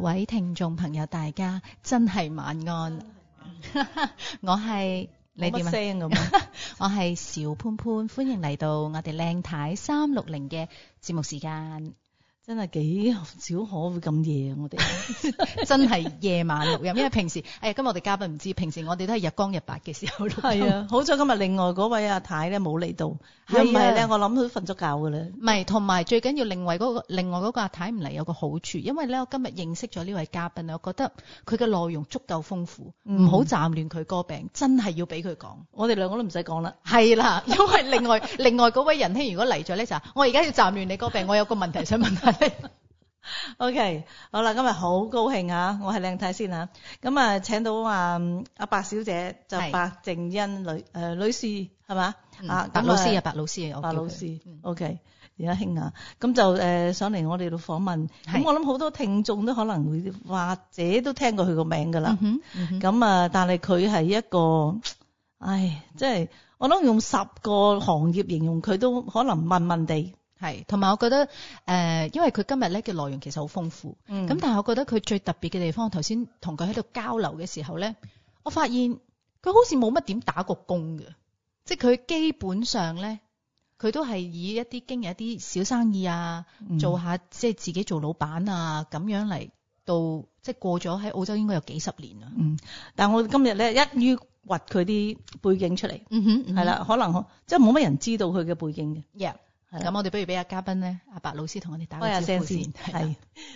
各位聽眾朋友，大家真係晚安。晚安 我係你點啊？我係 小潘潘。 歡迎嚟到我哋靚太三六零嘅節目時間。真係幾少可會咁夜啊！我哋真係夜晚錄音，因為平時誒今日我哋嘉賓，唔知平時我哋都係日光日白嘅時候錄音。係啊，好彩今日另外嗰位阿太咧冇嚟到，係唔係咧，我諗佢都瞓咗覺㗎啦。唔係，同埋最緊要另外嗰個另外嗰個阿太唔嚟有個好處，因為咧我今日認識咗呢位嘉賓啊，我覺得佢嘅內容足夠豐富，唔好攪亂佢個病，真係要俾佢講。我哋兩個都唔使講啦，係啦，因為另外另外嗰位仁兄如果嚟咗咧就，我而家要攪亂你個病，我有個問題想問下。 o、okay, K，好啦，今日好高興啊！我係靚太，太先吓，咁、嗯、啊，請到啊阿白小姐，就白靜茵女誒女士係嘛？啊，啊啊啊啊的白老師啊，啊白老師啊，白老師，O K，而家興啊，咁、嗯、就誒上嚟我哋度訪問，咁的、嗯、我諗好多聽眾都可能會或者都聽過佢個名噶啦，咁啊，但係佢係一個，唉，即係我諗用十個行業形容佢都可能問問地。係，同埋我覺得誒、呃，因為佢今日咧嘅內容其實好豐富，咁、嗯、但係我覺得佢最特別嘅地方，我頭先同佢喺度交流嘅時候咧，我發現佢好似冇乜點打過工嘅，即係佢基本上咧，佢都係以一啲經營一啲小生意啊，做下即係自己做老闆啊咁樣嚟到，即係過咗喺澳洲應該有幾十年啦。嗯，但係我今日咧一於挖佢啲背景出嚟、嗯，嗯哼，係啦，可能即係冇乜人知道佢嘅背景嘅。Yeah. 咁 我哋不如俾阿嘉賓咧，阿白老師同我哋打聲招呼先。係，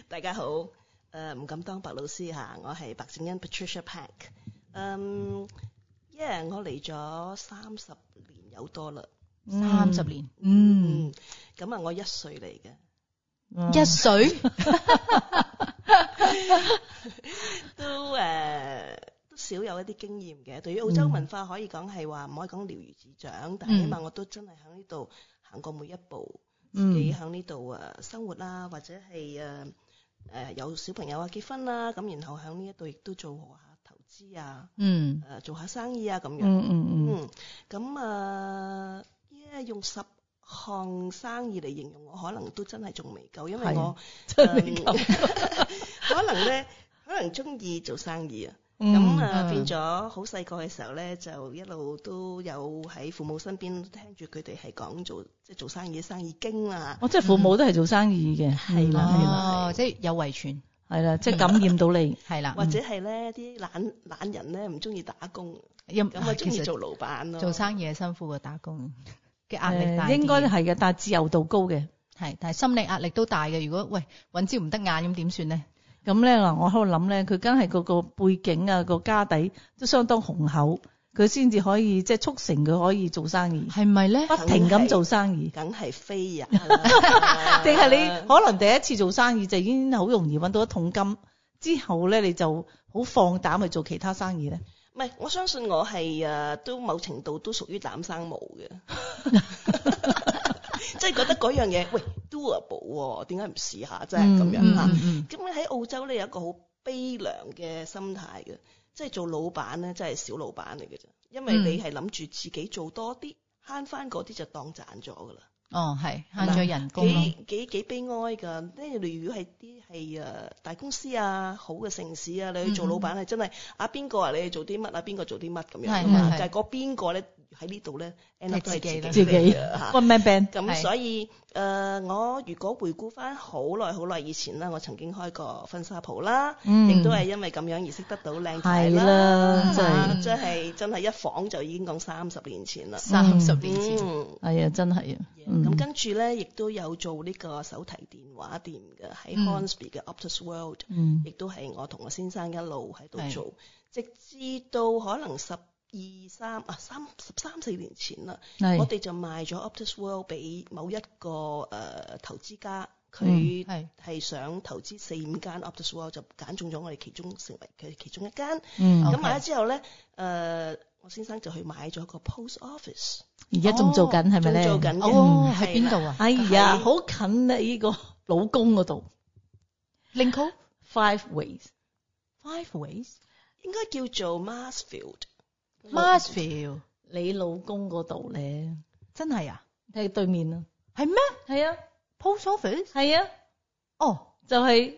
大家好，誒、呃、唔敢當白老師嚇，我係白靜茵 Patricia Pack。嗯，因、yeah, 為我嚟咗三十年有多啦，三十、嗯、年，嗯，咁啊、嗯，我一歲嚟嘅一歲，嗯、 都誒、呃、都少有一啲經驗嘅。對於澳洲文化，可以講係話唔可以講了如指掌，但係起碼我都真係喺呢度。行過每一步，自己喺呢度啊，生活啦，嗯、或者係啊誒有小朋友啊結婚啦，咁然後喺呢一度亦都做下投資啊、嗯呃嗯，嗯，誒做下生意啊咁樣，嗯嗯嗯，咁啊，依家用十項生意嚟形容我，可能都真係仲未夠，因為我、嗯、 可能咧，可能中意做生意啊。咁啊，變咗好細個嘅時候咧，就一路都有喺父母身邊聽住佢哋係講做即係做生意嘅生意經啦。哦，即係父母都係做生意嘅，係啦，哦，即係有遺傳，係啦，即係感染到你，係啦，或者係咧啲懶懶人咧唔中意打工，有冇中意做老闆咯，做生意係辛苦過打工嘅，壓力大啲。應該係嘅，但係自由度高嘅，係，但係心理壓力都大嘅。如果喂揾招唔得眼，咁點算咧？咁咧嗱，我喺度諗咧，佢梗係嗰個背景啊，個家底都相當雄厚，佢先至可以即係促成佢可以做生意，係咪咧？不停咁做生意，梗係飛啊！定係你可能第一次做生意就已經好容易揾到一桶金，之後咧你就好放膽去做其他生意咧？唔係，我相信我係啊，都某程度都屬於膽生毛嘅。 即係 覺得嗰樣嘢，喂，doable 喎、哦，點解唔試下真啫？咁、嗯嗯、樣嚇。咁你喺澳洲咧有一個好悲涼嘅心態嘅，即、就、係、係、做老闆咧，真係小老闆嚟嘅啫。因為你係諗住自己做多啲，慳翻嗰啲就當賺咗㗎啦。哦，係慳咗人工咯。幾幾悲哀㗎！即係例如果係啲係啊大公司啊好嘅城市啊，你去做老闆係、嗯、真係啊邊個啊，你做啲乜啊，邊個做啲乜咁樣啊嘛，就係嗰邊個咧。是是喺呢度咧，Anna 都係自己嘅，One Man Band。咁所以，誒，我如果回顧翻好耐好耐以前啦，我曾經開過婚紗鋪啦，亦都係因為咁樣而識得到靚仔啦，即係真係一晃就已經講三十年前啦，三十年前，係啊，真係啊。咁跟住咧，亦都有做呢個手提電話店嘅喺 Hornsby 嘅 Optus World，亦都係我同我先生一路喺度做，直至到可能十二三啊，三十三四年前啦，我哋就賣咗 Optus World 俾某一個誒投資家，佢係係想投資四五間 Optus World，就揀中咗我哋，其中成為佢其中一間。嗯，咁買咗之後咧，誒，我先生就去買咗個 Post Office。而家仲做緊係咪咧？做緊哦，喺邊度啊？哎呀，好近咧！呢個老公嗰度，Linko Five Ways，Five Ways，應該叫做 Marsfield。Masfield，你老公嗰度咧，真係啊，喺對面啊？係咩？係啊，Post Office，係啊，哦，就係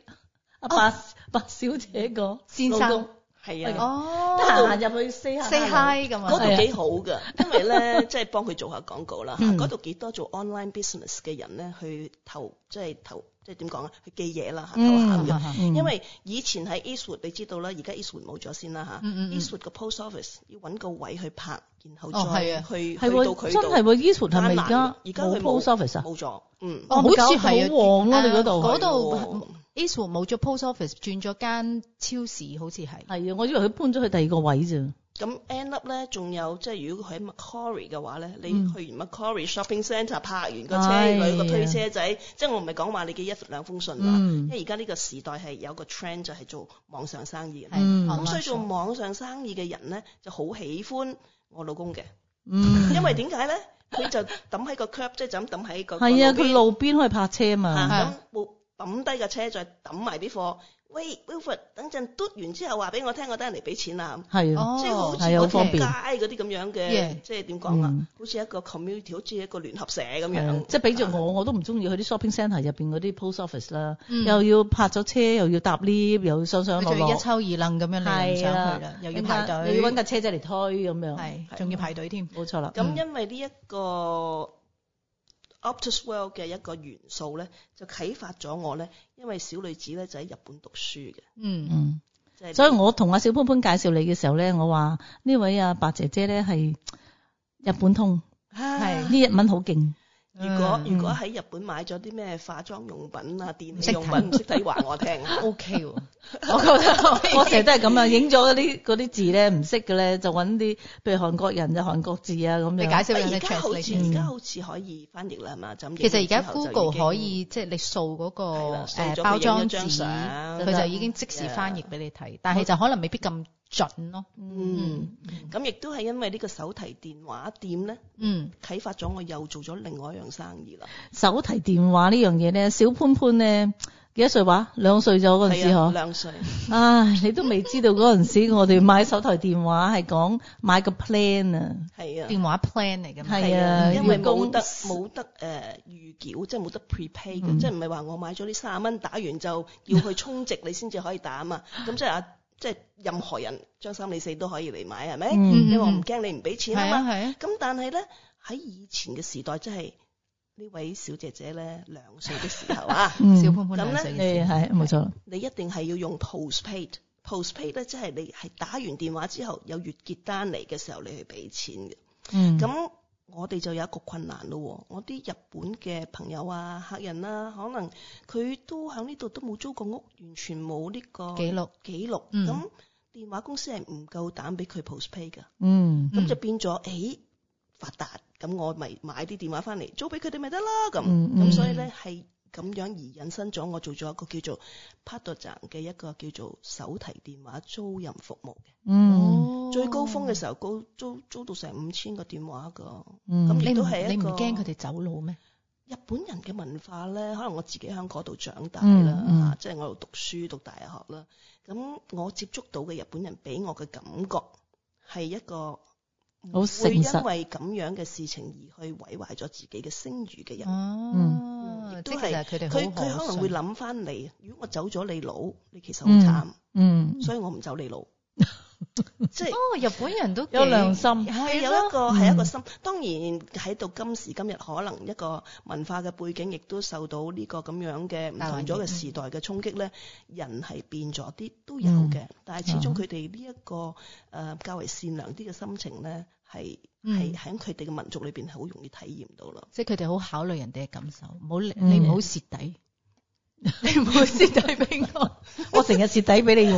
阿白白小姐個先生，係啊，哦，得閒行入去 say hi，say hi 咁啊，嗰度幾好噶，因為咧即係幫佢做下廣告啦，嗰度幾多做 online business 嘅人咧去投，即係投。即係點講啊？去寄嘢啦，係嘛？因為以前喺 Eastwood 你知道啦，而家 Eastwood 冇咗先啦吓。Eastwood 個 post office 要搵個位去拍，然後再去去到佢度。真係喎，Eastwood 係咪而家而家去 post office 啊？冇咗。嗯。好似好旺咯，你嗰度。嗰度 Eastwood 冇咗 post office，轉咗間超市，好似係。係啊，我以為佢搬咗去第二個位咋。咁 end up 咧，仲有即係如果佢喺 Macquarie 嘅話咧，嗯、你去完 Macquarie Shopping Centre 拍完個車女個唉推車仔，即係我唔係講話你寄一兩封信啦，嗯、因為而家呢個時代係有個 trend 就係做網上生意嘅，咁、嗯、所以做網上生意嘅人咧就好喜歡我老公嘅，嗯、因為點解咧？佢就抌喺個 curb 即係 就咁抌喺個的路邊，佢路邊可以泊車啊嘛，抌低架車再抌埋啲貨。喂 Wilford 等陣嘟完之後話俾我聽，我等人嚟俾錢啦。係啊，即係好似好方便。街嗰啲咁樣嘅，即係點講啊？好似一個 community，好似一個聯合社咁樣。即係比住我，我都唔中意去啲 shopping centre 入邊嗰啲 post office 啦，又要泊咗車，又要搭 lift，又上上落落。最一抽二愣咁樣嚟上去啦，又要排隊，又要搵架車仔嚟推咁樣，係，仲要排隊添，冇錯啦。咁因為呢一個。Optuswell 嘅一個元素咧，就啟發咗我咧，因為小女子咧就喺日本讀書嘅，嗯嗯，即係所以我同阿小潘潘介紹你嘅時候咧，我話呢位阿白姐姐咧，係日本通，係呢日文好勁。如果如果喺日本買咗啲咩化妝用品啊、電器用品唔識睇話我聽，OK 我覺得我成日都係咁啊，影咗啲嗰啲字咧唔識嘅咧，就搵啲譬如韓國人就韓國字啊咁樣。你解釋下嘅而家好似而家好似可以翻譯啦，係嘛？就其實而家 Google 可以即係你掃嗰個誒包裝紙，佢就已經即時翻譯俾你睇，但係就可能未必咁。準咯，嗯，咁亦都係因為呢個手提電話店咧，嗯，啟發咗我又做咗另外一樣生意啦。手提電話呢樣嘢咧，小潘潘咧幾多歲話？兩歲咗嗰陣時嗬，兩歲、啊。唉、啊，你都未知道嗰陣時我哋買手提電話係講買個 plan 啊，係啊，電話 plan 嚟嘅。係啊，因為高得冇供得誒預繳，即係冇得 prepaid 嘅，嗯、即係唔係話我買咗呢卅蚊打完就要去充值你先至可以打 啊嘛，咁即係阿。啊即係任何人張三李四都可以嚟買係咪？嗯嗯嗯，你話唔驚你唔俾錢啊嘛。咁、啊、但係咧，喺以前嘅時代，即係呢位小姐姐咧兩歲嘅時候啊，小潘潘咁咧兩歲嘅時候係冇、嗯、錯。你一定係要用 postpaid，postpaid 咧 post 即係你係打完電話之後有月結單嚟嘅時候，你去俾錢嘅。嗯。咁。我哋就有一個困難咯，我啲日本嘅朋友啊、客人啦、啊，可能佢都喺呢度都冇租過屋，完全冇呢個記錄記錄。咁錄、嗯、電話公司係唔夠膽俾佢 postpay 噶、嗯。嗯，咁就變咗，誒、欸、發達，咁我咪買啲電話翻嚟租俾佢哋咪得啦。咁咁、嗯嗯、所以咧係咁樣而引申咗，我做咗一個叫做 part-time 嘅一個叫做手提電話租賃服務嘅。嗯。嗯最高峰嘅時候高租租到成五千個電話噶，咁亦、嗯、都係一個。你唔驚佢哋走佬咩？日本人嘅文化咧，可能我自己喺嗰度長大啦，即係、嗯嗯啊就是、我度讀書讀大學啦。咁我接觸到嘅日本人俾我嘅感覺係一個好誠實，會因為咁樣嘅事情而去毀壞咗自己嘅聲譽嘅人。哦，即係佢哋佢可能會諗翻嚟，如果我走咗你佬，你其實好慘、嗯。嗯，嗯所以我唔走你佬。即係，哦，日本人都有良心，係有一個，係一個心。當然喺到今時今日，可能一個文化嘅背景，亦都受到呢個咁樣嘅唔同咗嘅時代嘅衝擊咧，人係變咗啲都有嘅。但係始終佢哋呢一個誒較為善良啲嘅心情咧，係係喺佢哋嘅民族裏邊係好容易體驗到咯。即係佢哋好考慮人哋嘅感受，唔好你唔好蝕底，你唔好蝕底俾我，我成日蝕底俾你。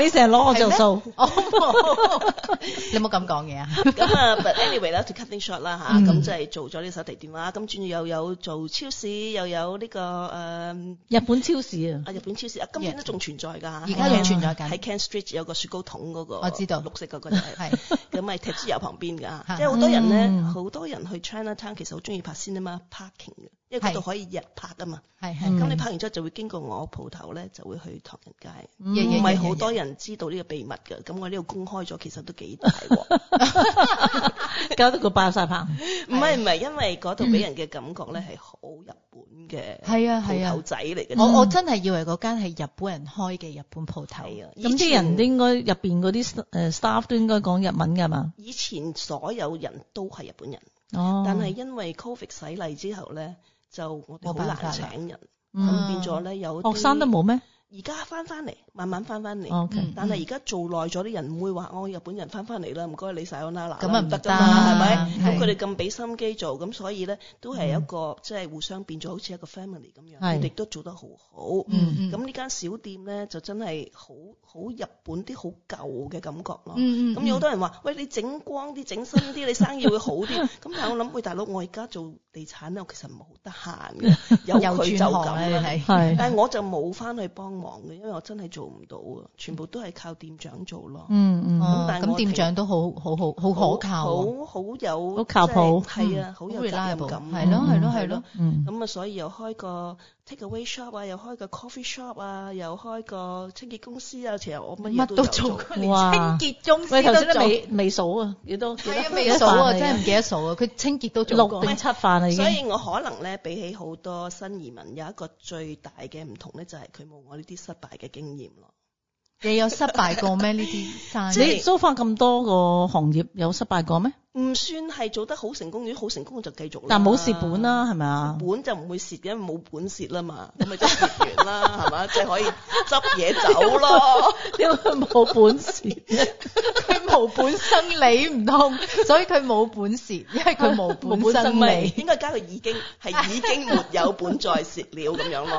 你成日攞我就數，我冇，你冇咁講嘢啊。咁啊，but anyway 啦，to cutting short 啦嚇，咁就係做咗呢個手提電話啦。咁仲要又有做超市，又有呢個誒日本超市啊，日本超市啊，今年都仲存在㗎。而家仲存在喺 Kent Street 有個雪糕桶嗰個，我知道綠色嗰個就係，咁咪 t a p 旁邊㗎，即係好多人咧，好多人去 China Town 其實好中意拍先啊嘛，parking 嘅，因為佢度可以日拍啊嘛。係係。咁你拍完之後就會經過我鋪頭咧，就會去唐人街，唔係好多人。知道呢個秘密㗎，咁我呢度公開咗，其實都幾大喎， 搞到佢爆曬棚。唔係唔係，因為嗰度俾人嘅感覺咧係好日本嘅，係啊係啊，鋪頭仔嚟嘅。我我真係以為嗰間係日本人開嘅日本鋪頭啊。咁啲人應該入邊嗰啲誒 staff 都應該講日文㗎嘛？啊、以前所有人都係日本人日本，但係因為 Covid 洗禮之後咧，就我哋好難請人，咁變咗咧有學生都冇咩？而家翻翻嚟，慢慢翻翻嚟。但係而家做耐咗啲人唔會話我日本人翻翻嚟啦，唔該你晒我啦啦。咁啊唔得㗎嘛，係咪？咁佢哋咁俾心機做，咁所以咧都係一個即係互相變咗好似一個 family 咁樣。係，佢哋都做得好好。嗯嗯。咁呢間小店咧就真係好好日本啲好舊嘅感覺咯。嗯嗯。咁有好多人話，喂你整光啲，整新啲，你生意會好啲。咁但係我諗，喂大佬，我而家做地產咧，我其實冇得閒嘅，有佢就咁啦，係。係。但係我就冇翻去幫。忙嘅，因為我真係做唔到啊！全部都係靠店長做咯。嗯嗯。咁、嗯、但係，咁店長都好好好好可靠，好好有、啊、好靠譜，係啊，好有責任感，係咯係咯係咯。咯咯咯咯嗯。咁啊、嗯嗯，所以又開個。Take away shop 啊，又開個 coffee shop 啊，又開個清潔公司啊，其實我乜都做。清潔公司，頭先都未未數啊，你都係啊，未數啊，真係唔記得數啊。佢清潔都做過六定七飯啦，所以我可能咧，比起好多新移民，有一個最大嘅唔同咧，就係佢冇我呢啲失敗嘅經驗咯。你有失敗過咩？呢啲生意，你租翻咁多個行業有失敗過咩？唔算係做得好成功，如果好成功就繼續啦。但冇蝕本啦，係咪啊？本就唔會蝕嘅，因為冇本蝕啦嘛，咁咪就蝕完啦，係嘛？就可以執嘢走咯。點佢冇本蝕？佢冇本生理唔通，所以佢冇本事因為佢冇本生理。應該加佢已經係已經沒有本再蝕了咁樣咯。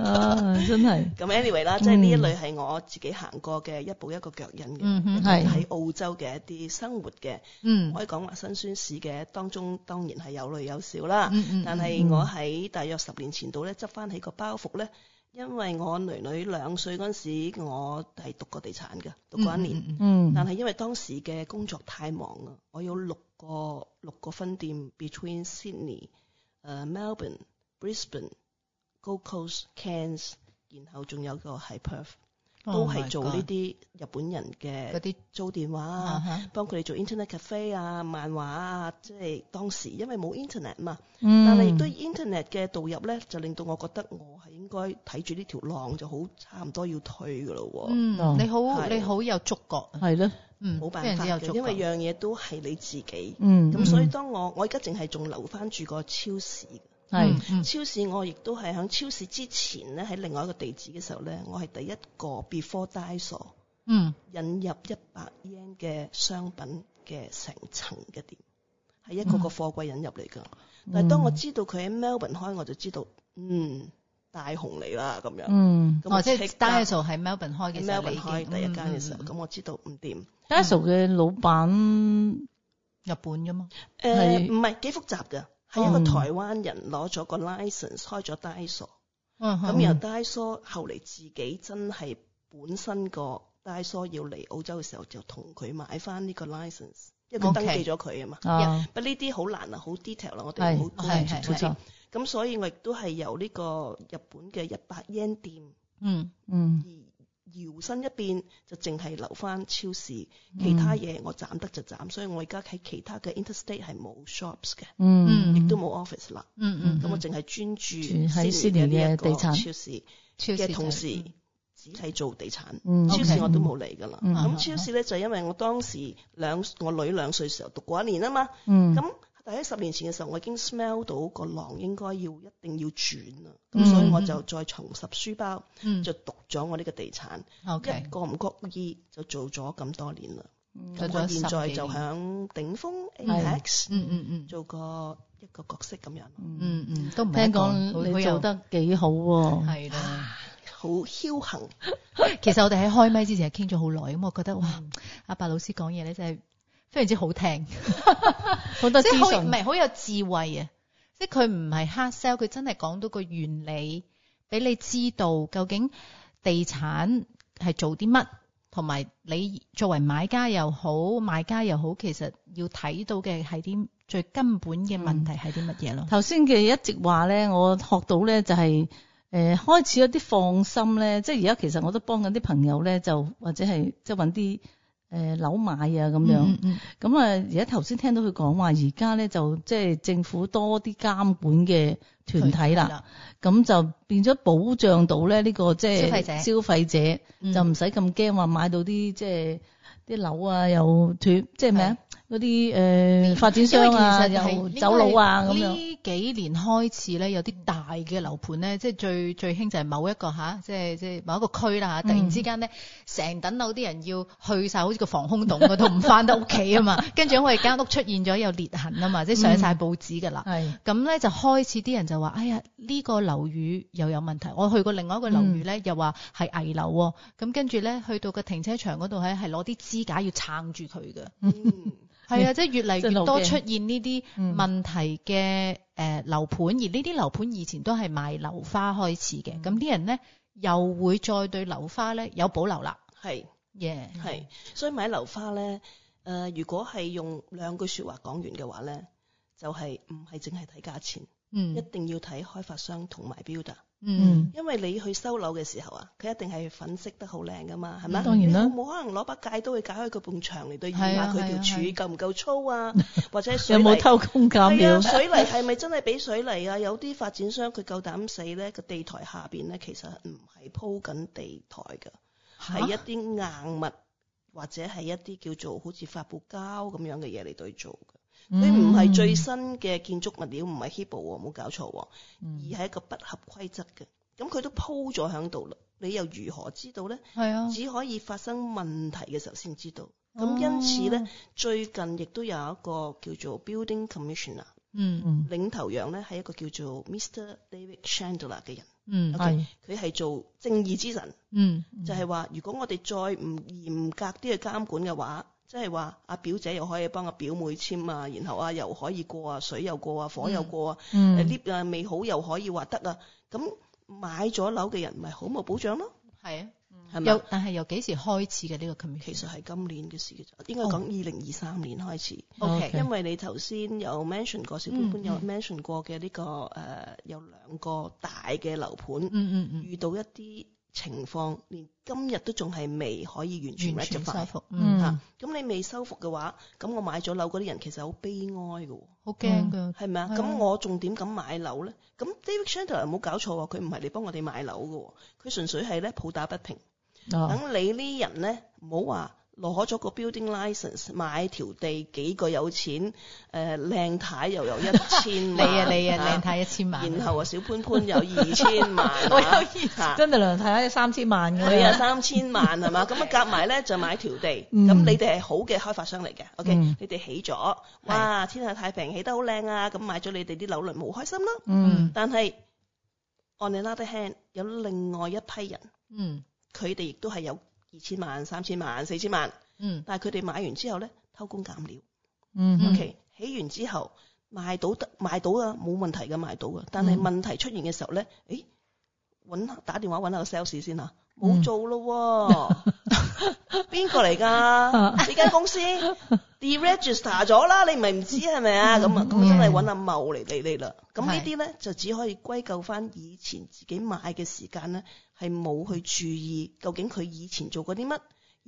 啊，真係。咁 anyway 啦，即係呢一類係我自己行過嘅一步一個腳印嘅，喺澳洲嘅一啲生活嘅。嗯。可以講話辛酸史嘅，當中當然係有淚有笑啦。 但係我喺大約十年前度咧執翻起個包袱咧，因為我女女兩歲嗰陣時，我係讀過地產嘅，讀過一年。嗯。 但係因為當時嘅工作太忙啊，我有六個六個分店，Between Sydney、uh,、誒 Melbourne、Brisbane、Gold Coast、Cairns，然後仲有個係 Perth。都係做呢啲日本人嘅嗰啲租電話啊，些幫佢哋做 internet cafe 啊、啊漫畫啊，即係當時因為冇 internet 嘛。嗯。但係亦都 internet 嘅導入咧，就令到我覺得我係應該睇住呢條浪就好差唔多要退嘅咯、啊嗯。嗯，對你好你好有觸覺。係咯對，冇、嗯、辦法因為樣嘢都係你自己。咁、嗯、所以當我我而家淨係仲留翻住個超市。係超市，我亦都係喺超市之前咧，喺另外一個地址嘅時候咧，我係第一個 before Daiso 引入一百 yen 嘅商品嘅成層嘅店，係一個個貨櫃引入嚟噶。但係當我知道佢喺 Melbourne 開，我就知道嗯，大紅嚟啦咁樣。嗯，哦，即係 Daiso 喺 Melbourne 開嘅 Melbourne 開第一間嘅時候，咁我知道唔掂。Daiso 嘅老闆日本噶嘛？誒，唔係幾複雜噶。係一個台灣人攞咗個 license 開咗 Daiso。咁由 Daiso 後嚟自己真係本身個 Daiso 要嚟澳洲嘅時候，就同佢買翻呢個 license，因為佢 Okay. 登記咗佢啊嘛。不過呢啲好難啊，好 detail 啦，我哋唔好講住咁，所以我亦都係由呢個日本嘅一百 yen 店，嗯嗯、uh。Huh. 搖身一變就淨係留翻超市，嗯、其他嘢我斬得就斬，所以我而家喺其他嘅 interstate 係冇 shops 嘅，嗯，亦都冇 office 啦，嗯嗯，咁我淨係專注喺年嘅地產超市嘅同時，只係做地產，嗯 okay. 超市我都冇嚟噶啦，嗯，咁、okay. 超市咧就係、因為我當時兩我女兩歲時候讀過一年啊嘛，嗯，咁、嗯。喺十年前嘅時候，我已經 smell 到個浪應該要一定要轉啦，咁、mm hmm. 所以我就再重拾書包，mm hmm. 就讀咗我呢個地產，Okay. 一個唔覺意就做咗咁多年啦。Mm hmm. 做咗十幾年。咁我現在就響頂峰 AX 嗯嗯嗯，hmm. 做個一個角色咁樣。嗯、mm hmm. 嗯，都、嗯、唔、嗯、聽講你做得幾好喎。係啦，好僥倖。其實我哋喺開咪之前係傾咗好耐，咁我覺得哇，阿白老師講嘢咧就係，真非常之好聽，好 多即係好唔係好有智慧啊！即係佢唔係 hard sell，佢真係講到個原理俾你知道究竟地產係做啲乜，同埋你作為買家又好，賣家又好，其實要睇到嘅係啲最根本嘅問題係啲乜嘢咯。頭先嘅一直話咧，我學到咧就係、是、誒、呃、開始有啲放心咧，即係而家其實我都幫緊啲朋友咧，就或者係即係搵啲。誒，樓、呃、買啊，咁樣，嗯咁啊，而家頭先聽到佢講話，而家咧就即係政府多啲監管嘅團體啦，咁、嗯嗯、就變咗保障到咧、這、呢個即係、就是、消費者，消費者就唔使咁驚話買到啲即係啲樓啊有斷，即係咩啊？嗰啲誒發展商其啊，其實又走佬啊，咁呢幾年開始咧，有啲大嘅樓盤咧，即係最最興就係某一個嚇、啊，即係即係某一個區啦嚇、啊。突然之間咧，成棟樓啲人要去晒，好似個防空洞咁都唔翻到屋企啊嘛。 跟住因為間屋出現咗有裂痕啊嘛，即係上晒報紙㗎啦。係咁咧，就開始啲人就話：哎呀，呢、呢個樓宇又有問題。我去過另外一個樓宇咧，嗯、又話係危樓、啊。咁跟住咧，去到個停車場嗰度喺係攞啲支架要撐住佢嘅。嗯係啊，即係越嚟越多出現呢啲問題嘅誒樓盤，嗯、而呢啲樓盤以前都係賣樓花開始嘅，咁啲、嗯、人咧又會再對樓花咧有保留啦。係是，係 Yeah.，所以買樓花咧，誒、呃，如果係用兩句説話講完嘅話咧，就係唔係淨係睇價錢，一定要睇開發商同埋 builder。嗯，因為你去收樓嘅時候有有啊，佢一定係粉飾得好靚噶嘛，係咪？當然啦，冇可能攞把戒刀去搞開個半牆嚟對，而話佢條柱夠唔夠粗啊？或者有冇偷工減料？水泥係咪真係俾水泥啊？有啲發展商佢夠膽死咧，個地台下邊咧其實唔係鋪緊地台噶，係一啲硬物或者係一啲叫做好似發泡膠咁樣嘅嘢嚟對做嘅佢唔係最新嘅建築物料，唔係、嗯、Hebel 喎，冇搞錯喎，而係一個不合規則嘅，咁佢都鋪咗喺度啦，你又如何知道咧？係啊，只可以發生問題嘅時候先知道。咁、哦、因此咧，最近亦都有一個叫做 Building Commissioner，嗯嗯，嗯領頭羊咧係一個叫做 Mr David Chandler 嘅人，嗯，係 okay？係，佢係做正義之人、嗯，嗯，就係話如果我哋再唔嚴格啲去監管嘅話。即係話阿表姐又可以幫阿表妹簽啊，然後啊又可以過啊水又過啊火又過啊，lift、嗯、啊，啊未好又可以話得啊，咁買咗樓嘅人咪好冇保障咯。係啊，係、嗯、咪？又吧但係由幾時開始嘅呢個局面？其實係今年嘅事，嘅應該講二零二三年開始。OK，因為你頭先有 mention 過，小潘潘有 mention 過嘅呢、這個誒、嗯嗯 uh, 有兩個大嘅樓盤，嗯嗯、遇到一啲。情況連今日都仲係未可以完全修復，嗯嚇。咁、啊、你未收復嘅話，咁我買咗樓嗰啲人其實好悲哀㗎，好驚㗎，係咪啊？咁嗎我仲點敢買樓咧？咁 David Chandler 冇搞錯啊，佢唔係嚟幫我哋買樓㗎，佢純粹係咧抱打不平。等、嗯、你呢啲人咧，唔好話。攞咗個 building license，買條地，幾個有錢，誒、呃、靚太又有一千、 啊，你啊你啊靚太一千萬，然後啊小潘潘有二千， 千萬，我有二，真係梁太可以三千萬㗎，佢啊三千萬係嘛？咁啊夾埋咧就買條地，咁、 嗯、你哋係好嘅開發商嚟嘅，OK、嗯、你哋起咗，哇、啊、天下太平，起得好靚啊，咁買咗你哋啲樓聯冇開心啦，嗯，但係 on the other hand 有另外一批人，嗯，佢哋亦都係有。二千萬、三千萬、四千萬，嗯，但係佢哋買完之後咧，偷工減料，嗯哼，O、okay, K，起完之後賣到得賣到啊，冇問題嘅賣到啊，但係問題出現嘅時候咧，誒、嗯，搵、欸、打電話搵下個 sales 先吓，冇做咯、啊。嗯 邊個嚟噶？呢間 公司 de-register 咗啦，你唔係唔知係咪啊？咁啊，咁 真係搵阿茂嚟理你啦。咁 呢啲咧就只可以歸咎翻以前自己買嘅時間咧，係冇 去注意究竟佢以前做過啲乜。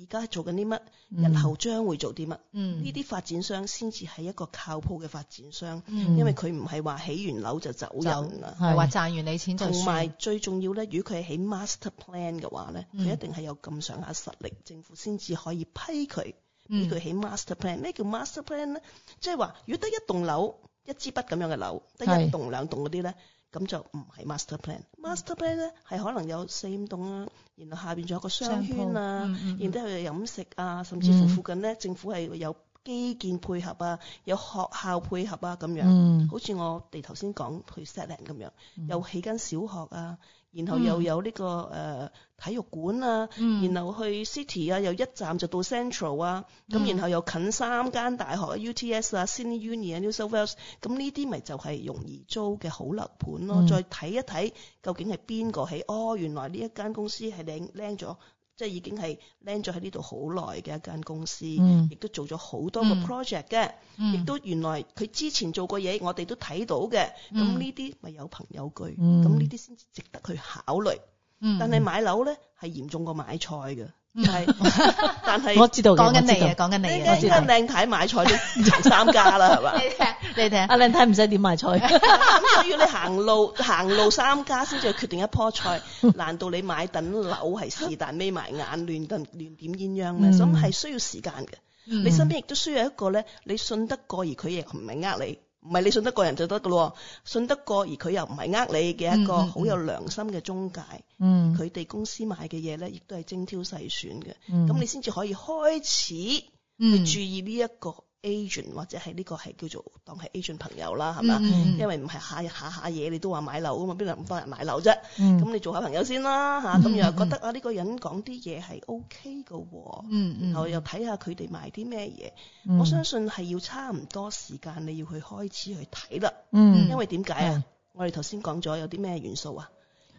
而家做緊啲乜？日後將會做啲乜？呢啲、嗯、發展商先至係一個靠譜嘅發展商，嗯、因為佢唔係話起完樓就走人啊，係話賺完你錢。同埋最重要咧，如果佢係起 master plan 嘅話咧，佢、嗯、一定係有咁上下實力，政府先至可以批佢俾佢起 master plan。咩叫 master plan 咧？即係話如果得一棟樓、一支筆咁樣嘅樓，得一棟是兩棟嗰啲咧，咁就唔係 master plan。master plan 咧係可能有四五棟啊。然後下邊仲有個商圈啊，嗯嗯嗯，然之後有飲食啊，甚至乎附近咧政府係有基建配合啊，有學校配合啊，咁樣，嗯、好似我哋頭先講去 Settle 咁樣，又起間小學啊，然後又有呢、這個誒、呃、體育館啊，嗯、然後去 City 啊，又一站就到 Central 啊，咁、嗯、然後又近三間大學啊，UTS 啊 Sydney Uni 啊，New South Wales，咁呢啲咪就係容易租嘅好樓盤咯。嗯、再睇一睇究竟係邊個起，哦，原來呢一間公司係靚靚咗。即係已經係 len 咗喺呢度好耐嘅一間公司，亦都、嗯、做咗好多個 project 嘅，亦、嗯嗯、都原來佢之前做過嘢，我哋都睇到嘅。咁呢啲咪有憑有據，咁呢啲先至值得去考慮。嗯、但係買樓咧係嚴重過買菜嘅。唔係， 但係是 我知道講緊你呀，講緊你呀，講緊靚太買菜都行三家啦，係嘛？ 你睇，你睇，阿靚太唔使點買菜，咁所以要你行路行路三家先至決定一樖菜， 難道你買等樓係是但眯埋眼亂頓亂點鴛鴦咩？咁係 需要時間嘅， 你身邊亦都需要一個咧，你信得過而佢亦唔係呃你。唔係你信得過人就得噶咯，信得過而佢又唔係呃你嘅一個好有良心嘅中介，嗯，佢哋公司買嘅嘢咧，亦都係精挑細選嘅，咁、嗯、你先至可以開始去注意呢、這、一個。Agent 或者係呢個係叫做當係 Agent 朋友啦，係嘛？嗯嗯、因為唔係下，下下下嘢你都話買樓啊嘛，邊度咁多人買樓啫？咁、嗯、你做下朋友先啦嚇，咁、嗯嗯啊、又覺得啊呢個人講啲嘢係 OK 嘅喎，嗯嗯、然後又睇下佢哋賣啲咩嘢。嗯、我相信係要差唔多時間，你要去開始去睇啦。嗯、因為點解啊？嗯、我哋頭先講咗有啲咩元素啊？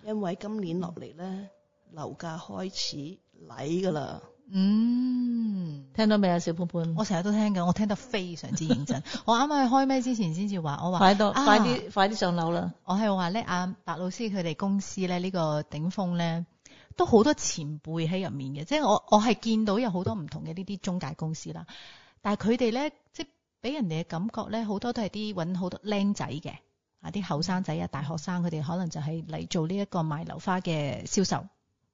因為今年落嚟咧，樓價開始嚟㗎啦。嗯，聽到未啊，小潘潘？我成日都聽緊，我聽得非常之認真。 我啱啱去開咩之前先至話，我話、 啊、快多，快啲，快啲上樓啦！我係話咧，阿白老師佢哋公司咧呢、這個頂峰咧，都好多前輩喺入面嘅，即係我我係見到有好多唔同嘅呢啲中介公司啦。但係佢哋咧，即係俾人哋嘅感覺咧，好多都係啲搵好多靚仔嘅啊，啲後生仔啊，大學生佢哋可能就係嚟做呢一個賣樓花嘅銷售，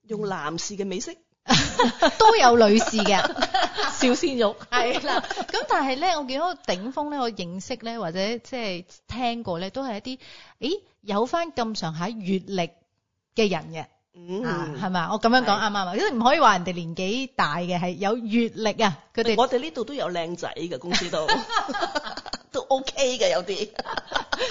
用男士嘅美色。 都有女士嘅 小鮮鮮肉， 係啦。咁但係咧，我見到頂峰咧，我認識咧，或者即係聽過咧，都係一啲誒有返咁上下閲歷嘅人嘅，嗯、啊，係嘛？我咁樣講啱唔啱啊？因為唔可以話人哋年紀大嘅，係有閲歷啊。佢哋我哋呢度都有靚仔嘅公司度， 都 OK 嘅，有啲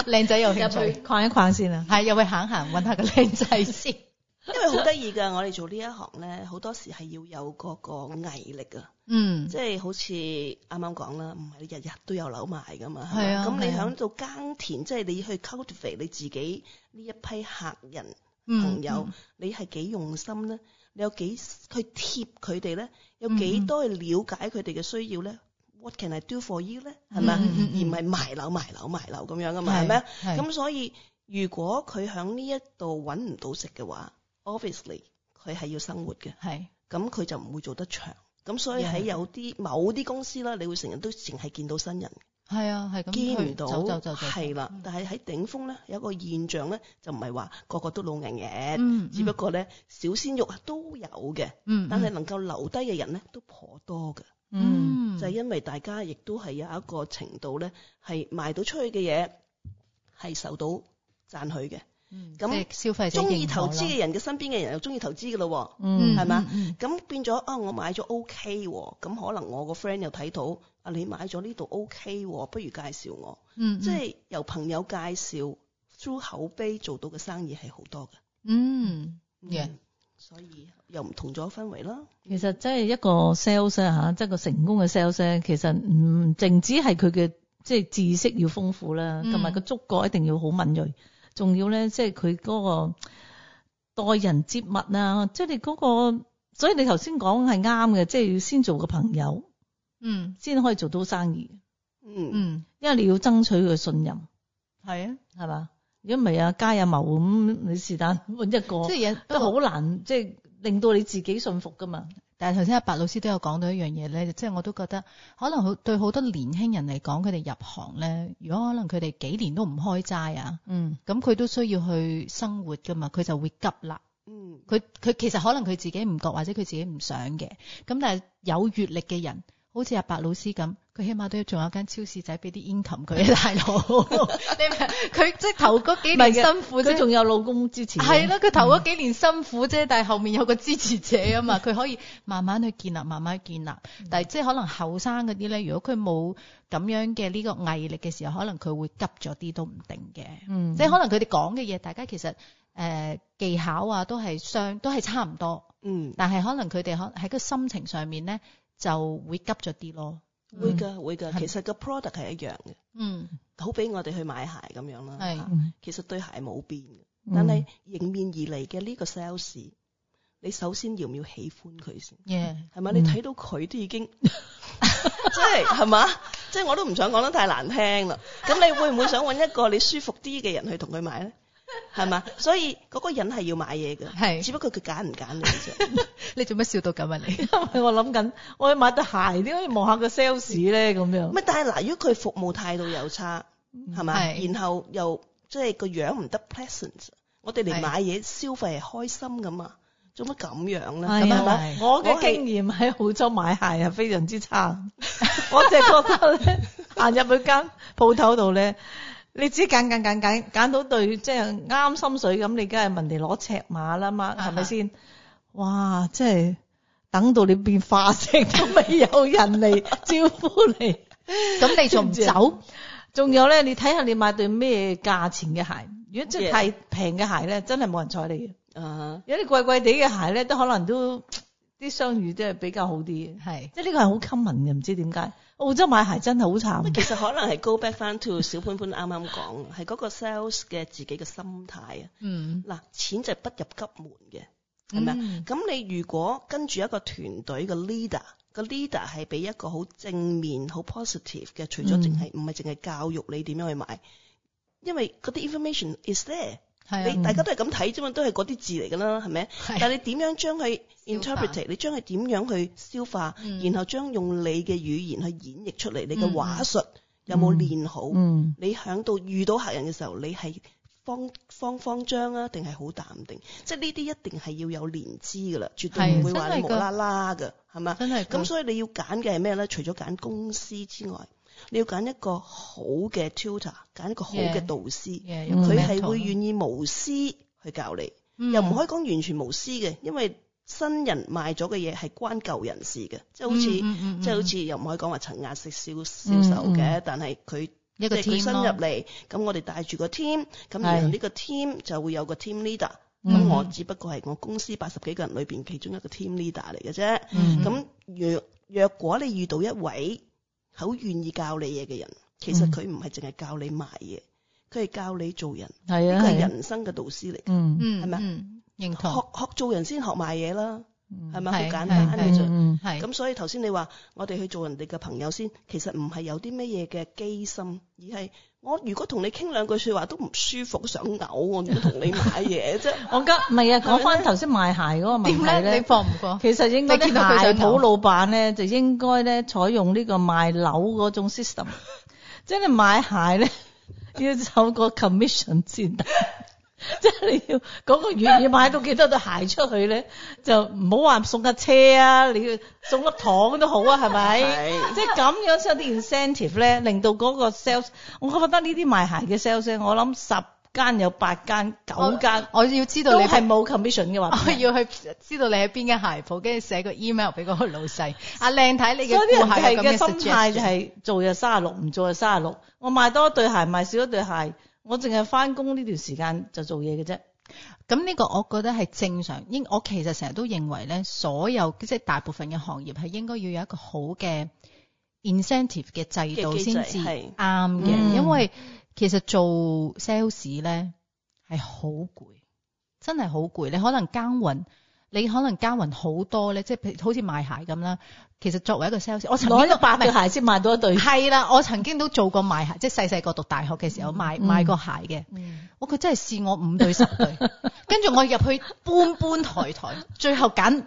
靚仔有興趣，去逛一逛先啦。係，又去行行揾下個靚仔先。 因為好得意㗎，我哋做呢一行咧，好多時係要有嗰個毅力啊。嗯、mm.，即係好似啱啱講啦，唔係你日日都有樓賣㗎嘛。係啊， 咁你響度耕田，即係你去 cultivate 你自己呢一批客人、mm hmm. 朋友，你係幾用心咧？你有幾去貼佢哋咧？有幾多去了解佢哋嘅需要咧？What can I do for you 咧？係咪， 而唔係埋樓埋樓埋樓咁樣㗎嘛？係咪？咁所以如果佢響呢一度揾唔到食嘅話，Obviously，佢係要生活嘅，係是，咁佢就唔會做得長，咁所以喺有啲的某啲公司啦，你會成日都淨係見到新人。係啊，係，見唔到，走走走走。係啦的，的但係喺頂峯咧有個現象咧，就唔係話個個都老硬硬，嗯嗯、只不過咧小鮮肉都有嘅，但係能夠留低嘅人咧都頗多嘅。嗯，嗯就係因為大家亦都係有一個程度咧，係賣到出去嘅嘢係受到讚許嘅。咁即係消費者中意投資嘅人嘅身邊嘅人又中意投資噶咯，嗯，係嘛？咁變咗啊，我買咗 O K，咁可能我個 friend 又睇到啊，你買咗呢度 O K，不如介紹我，嗯，即係由朋友介紹，through 口碑做到嘅生意係好多嘅，嗯嘅，所以又唔同咗氛圍啦。其實即係一個 sales 吓，即係個成功嘅 sales，其實唔淨止係佢嘅即係知識要豐富啦，同埋個觸覺一定要好敏銳。仲要咧，即係佢嗰個待人接物啊，即係你嗰個，所以你頭先講係啱嘅，即係要先做個朋友，嗯，先可以做到生意，嗯嗯，因為你要爭取佢信任，係啊、嗯，係嘛，如果唔係啊，家有謀咁，你是但搵一個，嗯、即係都好難，即係令到你自己信服噶嘛。但係頭先阿白老師都有講到一樣嘢咧，即係我都覺得可能好對好多年輕人嚟講，佢哋入行咧，如果可能佢哋幾年都唔開齋啊，嗯，咁佢都需要去生活噶嘛，佢就會急啦，嗯，佢佢其實可能佢自己唔覺或者佢自己唔想嘅，咁但係有閱歷嘅人，好似阿白老師咁。佢起碼都要仲有間超市仔俾啲煙冚佢大佬，你明？佢即係頭嗰幾年辛苦啫， 佢仲有老公支持。係 咯，佢頭嗰幾年辛苦啫，但係後面有個支持者啊嘛，佢可以慢慢去建立，慢慢去建立。但係即係可能後生嗰啲咧，如果佢冇咁樣嘅呢個毅力嘅時候，可能佢會急咗啲都唔定嘅。嗯、 即係可能佢哋講嘅嘢，大家其實誒、呃、技巧啊都係相都係差唔多。嗯，但係可能佢哋可喺個心情上面咧就會急咗啲咯。嗯、會噶會噶，其實個 product 係一樣嘅，嗯，好比我哋去買鞋咁樣啦，係是，其實對鞋冇變嘅，嗯、但係迎面而嚟嘅呢個 sales，你首先要唔要喜歡佢先，係咪？你睇到佢都已經， 即係係嘛？即係我都唔想講得太難聽啦，咁 你會唔會想揾一個你舒服啲嘅人去同佢買咧？係嘛？所以嗰個人係要買嘢嘅，係，只不過佢揀唔揀你啫。你做乜笑到咁啊？你？我諗緊，我要買對鞋，點可以望下個 sales 咧？咁樣咪？但係嗱，如果佢服務態度又差，係咪？然後又即係個樣唔得 pleasant。我哋嚟買嘢消費係開心噶嘛？做乜咁樣咧？係咪？我嘅經驗喺澳洲買鞋係非常之差。我淨係覺得咧，行入去間鋪頭度咧。你只揀揀揀揀揀到對即係啱心水咁，你梗係問你攞尺碼啦嘛，係咪先？哇！即係等到你變化石都未有人嚟 招呼你，咁你仲唔走？仲 有咧，你睇下你買對咩價錢嘅鞋？如果真係太平嘅鞋咧，真係冇人睬你嘅。啊、uh！Huh. 有啲貴貴哋嘅鞋咧，都可能都。啲雙魚即係比較好啲，係即係呢個係好 common 嘅，唔知點解澳洲買鞋真係好慘。 其實可能係 go back 翻 to 小潘潘啱啱講，係嗰 個 sales 嘅自己嘅心態啊。嗯，嗱，錢就不入急門嘅，係咪？咁你如果跟住一個團隊嘅 leader，個 leader 係俾一個好正面、好 positive 嘅，除咗淨係唔係淨係教育你點樣去買，因為嗰啲 information is there。你 大家都係咁睇啫嘛，都係嗰啲字嚟噶啦，係咪？ 但係你點樣將佢 interpret，你將佢點樣去消化，然後將用你嘅語言去演繹出嚟，你嘅話術有冇練好？嗯、你響度遇到客人嘅時候，你係慌慌慌張啊，定係好淡定？即係呢啲一定係要有練知噶啦，絕對唔會話你無啦啦噶，係嘛、嗯？咁吧所以你要揀嘅係咩咧？除咗揀公司之外。你要揀一個好嘅 tutor，揀一個好嘅導師，佢係會願意無私去教你，又唔可以講完全無私嘅，因為新人賣咗嘅嘢係關舊人士嘅，即係好似，即係好似又唔可以講話層壓式銷銷售嘅，但係佢即係佢新入嚟，咁我哋帶住個 team，咁然後呢個 team 就會有個 team leader，咁我只不過係我公司八十幾個人裏邊其中一個 team leader 嚟嘅啫，咁若若果你遇到一位。好願意教你嘢嘅人，其實佢唔係淨係教你賣嘢，佢係教你做人，係啊，呢個係人生嘅導師嚟嘅、啊吧嗯，嗯嗯，係咪啊？學學做人先學賣嘢啦，係咪好簡單？嗯嗯、啊，係、啊。咁所以頭先你話我哋去做人哋嘅朋友先，其實唔係有啲咩嘢嘅機心，而係。我如果同你傾兩句説話都唔舒服，想嘔，我點同你買嘢啫？il fi 我急，唔係啊，講翻頭先賣鞋嗰個問題你放唔放？其實應該啲鞋鋪老闆咧， overseas，就應該咧採用呢個賣樓嗰種 system，即係你買鞋咧要收個 commission 先得。 即係 你要嗰個月要賣到幾多對鞋出去咧，就唔好話送架車啊，你要送粒糖都好啊，係咪？即係咁樣先有啲 incentive 咧，令到嗰個 sales，我覺得呢啲賣鞋嘅 sales，我諗十間有八間、九間，我要知道你係冇 commission 嘅話，我要去知道你喺邊間鞋鋪，跟住寫個 email 俾嗰個老細。阿靚睇你嘅。所以呢啲係嘅心態就係做就卅六，唔做就卅六。我賣多一對鞋，賣少一對鞋。我淨係翻工呢段時間就做嘢嘅啫，咁呢個我覺得係正常。應我其實成日都認為咧，所有即係、就是、大部分嘅行業係應該要有一個好嘅 incentive 嘅制度先至啱嘅。K K 嗯、因為其實做 sales 咧係好攰，真係好攰。你可能耕耘。你可能交云好多咧，即係好似賣鞋咁啦。其實作為一個 sales，我曾經都攞六百對鞋先賣到一對。係啦，我曾經都做過賣鞋，即係細細個讀大學嘅時候賣賣、嗯、過鞋嘅。嗯、我佢真係試我五對十對，跟住 我入去搬搬抬抬，最後揀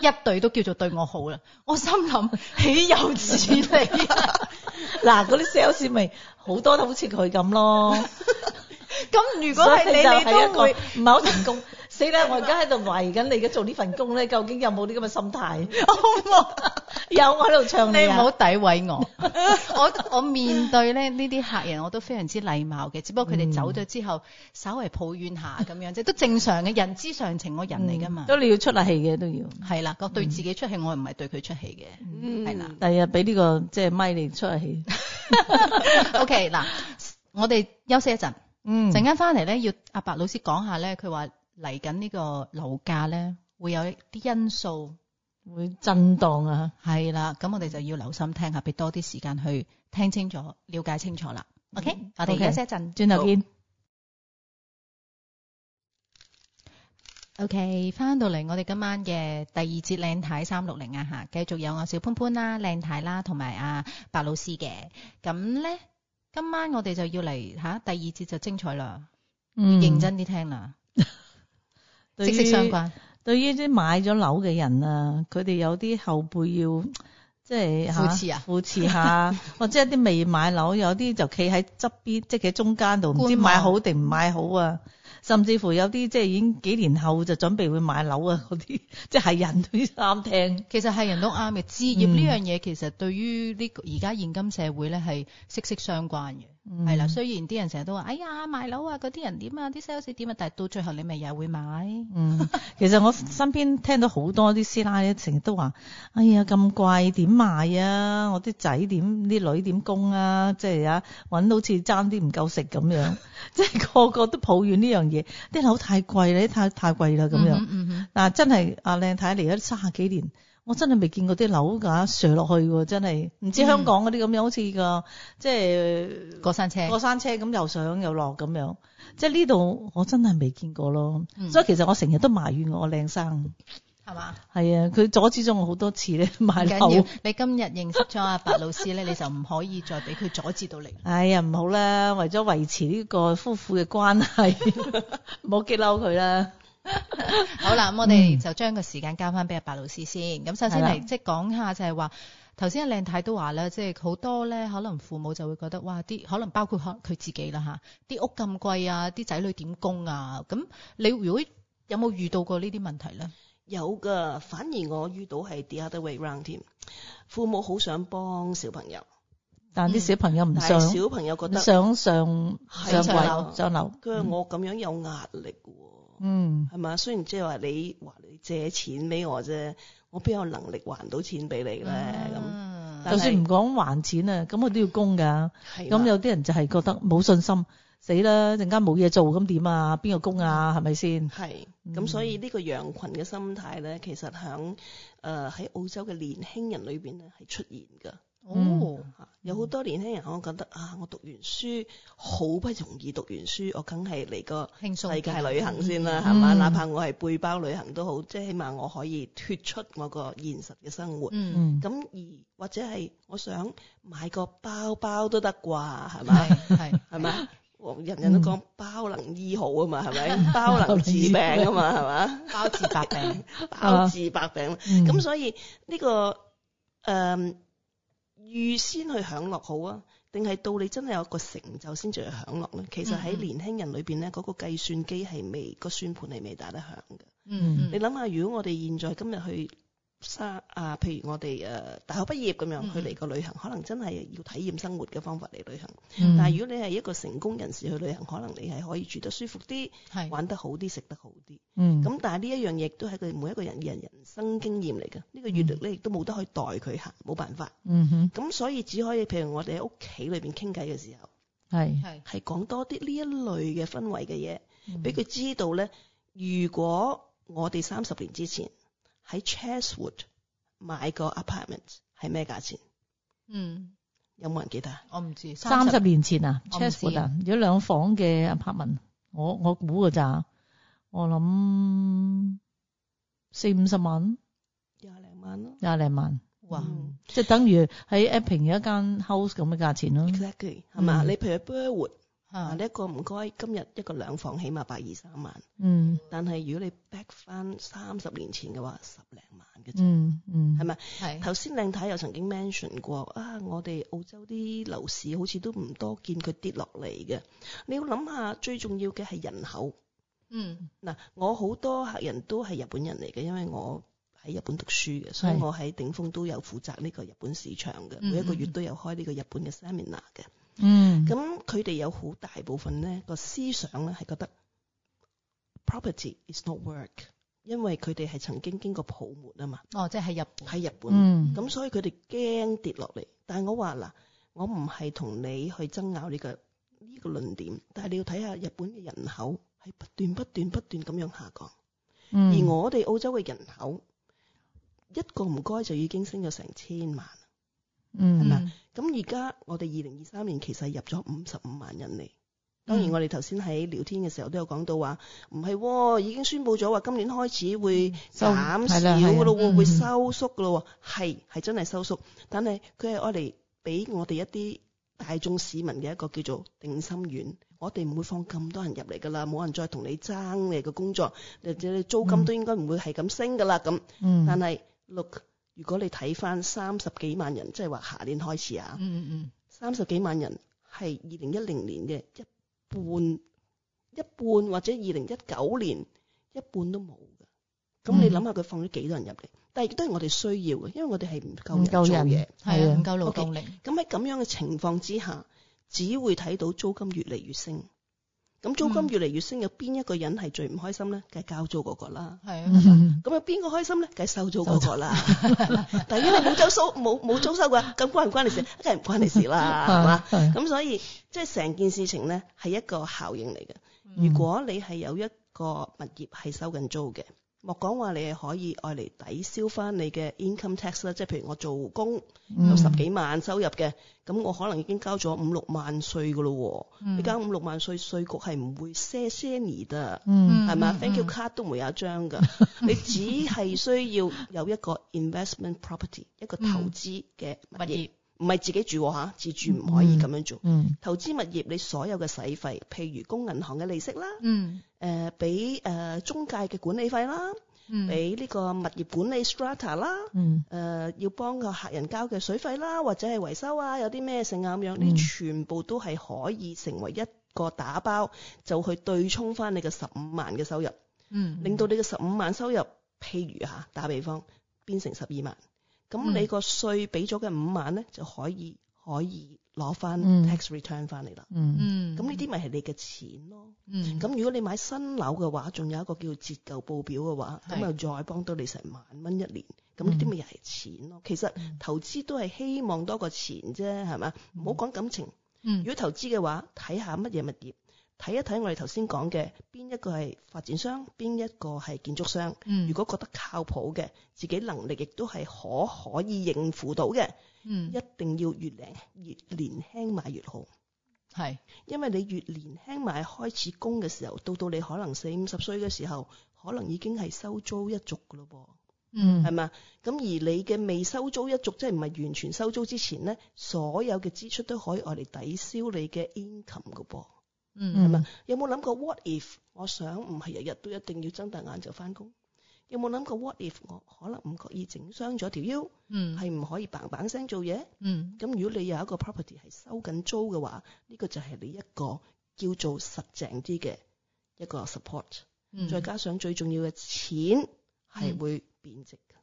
一對都叫做對我好啦。我心諗豈有此理？嗱，嗰啲 sales 咪好多都好似佢咁咯。咁 如果係你，你都會唔係好成功。 死啦！我而家喺度懷疑緊你而家做呢份工咧，究竟有冇啲咁嘅心態？ 有我喺度唱你，你唔好詆毀我。 我我面對咧呢啲客人，我都非常之禮貌嘅。只不過佢哋走咗之後，稍為抱怨下咁樣即都正常嘅，人之常情。我人嚟噶嘛。都你要出下氣嘅，都要。係啦、 嗯，我對自己出氣，我唔係對佢出氣嘅。係啦、嗯，第日俾呢個即係咪嚟出下氣。O K，嗱，我哋休息一陣。嗯。陣間翻嚟咧，要阿白老師講下咧，佢話。嚟緊呢個樓價咧，會有一啲因素會震盪啊。係啦，咁我哋就要留心聽下，俾多啲時間去聽清楚、了解清楚啦。OK，我哋休息一陣轉頭見。好好 OK，翻到嚟我哋今晚嘅第二節靚太三六零啊，吓，繼續有阿小潘潘啦、靚太啦，同埋阿白老師嘅咁咧。今晚我哋就要嚟吓、啊，第二節就精彩啦，嗯、認真啲聽啦。 息息相關。對於啲買咗樓嘅人啊，佢哋有啲後輩要即係嚇扶持啊，扶持下，或者 一啲未買樓，有啲就企喺側邊，即係企喺中間度，唔望知買好定唔買好啊。甚至乎有啲即係已經幾年後就準備會買樓啊，嗰啲即係人都啱聽。其實係人都啱嘅，置業呢樣嘢其實對於呢個而家現今社會咧係息息相關嘅。係啦，嗯、雖然啲人成日都話，哎呀賣樓啊，嗰啲人點啊，啲 sales 點啊，但係到最後你咪又會買。嗯， 其實我身邊聽到好多啲師奶咧，成日都話，哎呀咁貴點買啊？我啲仔點，啲女點供啊？即係啊，搵到似爭啲唔夠食咁樣，即係個個都抱怨呢樣嘢，啲樓太貴啦，太太貴啦咁樣。嗯嗱、嗯啊，真係阿靚太嚟咗卅幾年。我真係未見過啲樓架上落去㗎，真係唔知香港嗰啲咁樣，好似、嗯個即係過山車，過山車咁又上又落咁樣，即係呢度我真係未見過咯。嗯、所以其實我成日都埋怨我個靚生，係嘛吧？係啊，佢阻止咗我好多次咧，買樓。唔緊要，你今日認識咗阿白老師咧， 你就唔可以再俾佢阻止到你。哎呀，唔好啦，為咗維持呢個夫婦嘅關係，唔 好激嬲佢啦。 好啦，咁我哋就將個時間交翻俾阿白老師先。咁首先嚟即係講下就的太太，就係話頭先，阿靚太都話咧，即係好多咧，可能父母就會覺得哇，啲可能包括佢自己啦吓，啲屋咁貴啊，啲仔女點供啊？咁你如果有冇遇到過呢啲問題咧？有噶，反而我遇到係 d e a the other way round 添。父母好想幫小朋友，嗯、但啲小朋友唔想，小朋友覺得想上上樓上樓流，佢話我咁樣有壓力噶。嗯嗯，係嘛？雖然即係話你話你借錢俾我啫，我邊有能力還到錢俾你咧？咁、啊，是就算唔講還錢啊，咁我都要供噶。係嗎，咁有啲人就係覺得冇信心，死啦！陣間冇嘢做咁點啊？邊個供啊？係咪先？係，咁所以呢個羊群嘅心態咧，其實響誒喺澳洲嘅年輕人裏邊咧係出現噶。哦，嗯啊、有好多年輕人，我覺得啊，我讀完書好不容易讀完書，我梗係嚟個輕鬆世界旅行先啦，係嘛？吧哪怕我係背包旅行都好，即係起碼我可以脫出我個現實嘅生活。嗯，咁而、嗯、或者係我想買個包包都得啩，係咪？係係係人人都講包能醫好啊嘛，係咪？包能治病啊嘛，係嘛？包治百病， 包治百病。咁所以呢、這個誒。呃呃預先去享樂好啊，定係到你真係有一個成就先至去享樂咧？其實喺年輕人裏邊咧，嗰個計算機係未，個算盤係未打得響嘅。嗯嗯，你諗下，如果我哋現在今日去。啊，譬如我哋誒、呃、大學畢業咁樣，嗯、去嚟個旅行，可能真係要體驗生活嘅方法嚟旅行。嗯、但係如果你係一個成功人士去旅行，可能你係可以住得舒服啲，係是玩得好啲，食得好啲。嗯，咁但係呢一樣嘢都係佢每一個人嘅人人生經驗嚟嘅。這個、呢個閱歷咧，亦、嗯、都冇得去代佢行，冇辦法。嗯哼，咁所以只可以譬如我哋喺屋企裏邊傾偈嘅時候，係係係講多啲呢一類嘅氛圍嘅嘢，俾佢知道咧。如果我哋三十年之前。喺 Chatswood 買個 apartment 係咩價錢？嗯，有冇人記得啊？我唔知三十年前啊，Chatswood 有兩房嘅 apartment，我我估噶咋，我諗四五十萬，廿零萬咯、啊，廿零萬哇，嗯、即係等於喺 Epping 有一間 house 咁嘅價錢咯、啊、，Exactly 係嘛？嗯、你譬如 Burwood。啊！啊一個唔該，今日一個兩房起碼百二三萬。嗯。但係如果你 back 翻三十年前嘅話，十零萬嘅啫、嗯。嗯嗯。係咪吧？係是。頭先靚太又曾經 mention 過啊！我哋澳洲啲樓市好似都唔多見佢跌落嚟嘅。你要諗下，最重要嘅係人口。嗯。嗱、啊，我好多客人都係日本人嚟嘅，因為我喺日本讀書嘅，是所以我喺頂峰都有負責呢個日本市場嘅，嗯嗯、每一個月都有開呢個日本嘅 seminar 嘅。嗯，咁佢哋有好大部分咧，個思想咧係覺得 property is not work，因為佢哋係曾經經過泡沫啊嘛。哦，即係喺日本喺日本，咁，嗯，所以佢哋驚跌落嚟。但係我話嗱，我唔係同你去爭拗呢，呢個呢，呢個論點，但係你要睇下日本嘅人口係不斷不斷不斷咁樣下降，而我哋澳洲嘅人口，嗯，一個唔該就已經升咗成千萬，嗯，係咪？咁而家我哋二零二三年其實入咗五十五萬人嚟，當然我哋頭先喺聊天嘅時候都有講到話，唔係喎，已經宣佈咗話今年開始會減少噶咯，會會收縮噶咯，係係、嗯、真係收縮，但係佢係我嚟俾我哋一啲大眾市民嘅一個叫做定心丸，我哋唔會放咁多人入嚟噶啦，冇人再同你爭你嘅工作，甚至租金都應該唔會係咁升噶啦咁，嗯嗯、但係六。Look, 如果你睇翻三十幾萬人，即係話下年開始啊，三十幾萬人係二零一零年嘅一半，一半或者二零一九年一半都冇嘅。咁、嗯嗯、你諗下佢放咗幾多人入嚟？但係亦都係我哋需要嘅，因為我哋係唔夠人做嘢，係啊，唔夠勞動力。咁喺咁樣嘅情況之下，只會睇到租金越嚟越升。咁租金越嚟越升，有邊一個人係最唔開心咧？梗係交租嗰個啦。係啊。咁有邊個開心咧？梗係收租嗰個啦。 但係如果你冇租收，冇冇租收嘅，咁關唔關你事？梗係唔關你事啦，係嘛 吧？咁所以即係成件事情咧，係一個效應嚟嘅。如果你係有一個物業係收緊租嘅。莫講話你係可以愛嚟抵消翻你嘅 income tax 啦，即係譬如我做工有十幾萬收入嘅，咁、嗯、我可能已經交咗五六萬稅嘅咯喎，嗯、你交五六萬稅，稅局係唔會瀉瀉你嘅，係咪啊？Thank you 卡都冇有一張㗎， 你只係需要有一個 investment property，一個投資嘅乜嘢。嗯唔係自己住喎嚇，自住唔可以咁樣做。嗯嗯、投資物業你所有嘅使費，譬如供銀行嘅利息啦，誒俾誒中介嘅管理費啦，俾呢、嗯、個物業管理 strata 啦、嗯，誒、呃、要幫個客人交嘅水費啦，或者係維修啊，有啲咩嘢成啊咁樣，嗯、你全部都係可以成為一個打包，就去對沖翻你嘅十五萬嘅收入，嗯嗯嗯、令到你嘅十五萬收入，譬如嚇打比方變成十二萬。咁你個稅俾咗嘅五萬咧，就可以可以攞翻 tax return 翻嚟啦。嗯，咁呢啲咪係你嘅錢咯。嗯，咁如果你買新樓嘅話，仲有一個叫折舊報表嘅話，咁是又再幫到你成萬蚊一年。咁呢啲咪又係錢咯。嗯、其實投資都係希望多個錢啫，係嘛？唔好講感情。嗯、如果投資嘅話，睇下乜嘢物業。睇一睇我哋頭先講嘅邊一個係發展商，邊一個係建築商。嗯、如果覺得靠譜嘅，自己能力亦都係可可以應付到嘅，嗯，一定要越嚟越年輕買越好，係是，因為你越年輕買開始供嘅時候，到到你可能四五十歲嘅時候，可能已經係收租一族噶咯噃，嗯，係嘛咁而你嘅未收租一族，即係唔係完全收租之前呢，所有嘅支出都可以攞嚟抵消你嘅 income 噶噃。嗯，係、mm hmm. 有冇諗過 What if？我想唔係日日都一定要睜大眼就翻工。有冇諗過 What if？我可能唔覺意整傷咗條腰，嗯、mm，係、hmm. 唔可以砰砰聲做嘢，嗯、mm。咁、hmm. 如果你有一個 property 係收緊租嘅話，呢、這個就係你一個叫做實淨啲嘅一個 support。Mm hmm. 再加上最重要嘅錢係會貶值嘅。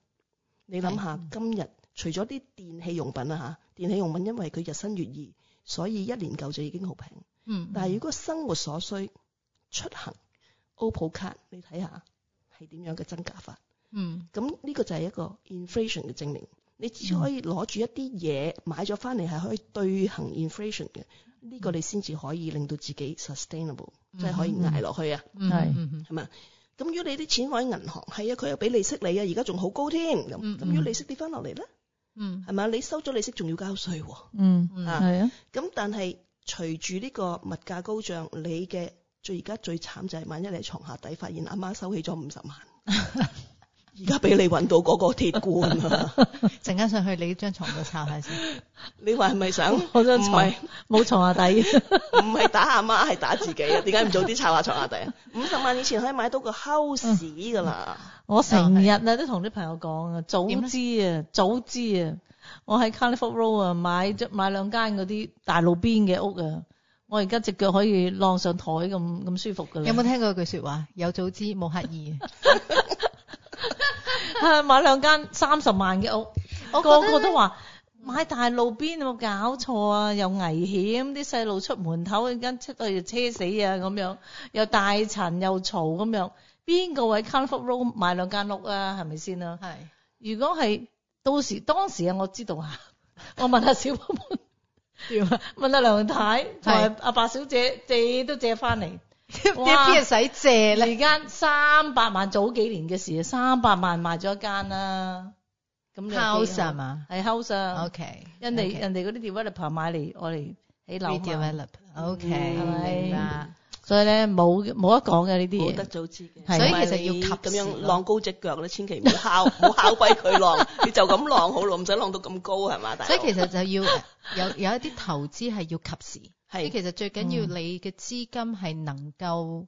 Mm hmm. 你諗下，mm hmm. 今日除咗啲電器用品啊，吓，電器用品因為佢日新月異，所以一年舊就已經好平。嗯，但係如果生活所需、出行、歐普卡，你睇下係點樣嘅增加法？嗯，咁呢個就係一個 inflation 嘅證明。你只可以攞住一啲嘢買咗翻嚟，係可以對行 inflation 嘅。呢、這個你先至可以令到自己 sustainable，即係可以挨落去啊。係、嗯，係嘛吧？咁、嗯、如果你啲錢放喺銀行，係啊，佢又俾利息你啊，而家仲好高添。咁咁，如果利息跌翻落嚟咧，嗯，係咪、啊？你收咗利息仲要交稅。嗯，係啊。咁但係。隨住呢個物價高漲，你嘅最而家最慘就係，萬一你床下底發現阿媽收起咗五十萬，而家俾你揾到嗰個鐵罐啊！陣間上去你張床度拆下先。你話係咪想我張床？唔係冇床下底，唔係打阿媽係打自己啊！點解唔早啲拆下床下底啊？五十萬以前可以買到個 house 㗎啦！啊、我成日啊都同啲朋友講啊， 早知啊道，早知啊！我喺 Carlingford Road 啊，買只買兩間嗰啲大路邊嘅屋啊，我而家隻腳可以晾上台咁咁舒服噶啦。有冇聽過句說話？有早知冇刻意。啊。 買兩間三十萬嘅屋，我個個都話買大路邊有冇搞錯啊？又危險，啲細路出門口一陣間出到就車死啊咁樣，又大塵又嘈咁樣，邊個喺 Carlingford Road 買兩間屋啊？係咪先啦？係是，如果係。到時當時啊，我知道啊，我問下小潘潘，問下梁太同埋阿白小姐借都借翻嚟，啲邊使借，而家三百萬早幾年嘅事啊，三百萬買咗一間啦，咁 house 係嘛？係 house，OK，人哋人哋嗰啲 developer 買嚟我哋起樓。Develop，OK，明啦。所以咧冇冇得講嘅呢啲嘢，冇得早知嘅。的所以其實要及咁樣晾高隻腳咧，千祈唔好敲，唔好 敲低佢晾，你就咁晾好咯，唔使晾到咁高係嘛？所以其實就要 有有一啲投資係要及時。係的，其實最緊要你嘅資金係能夠，嗯、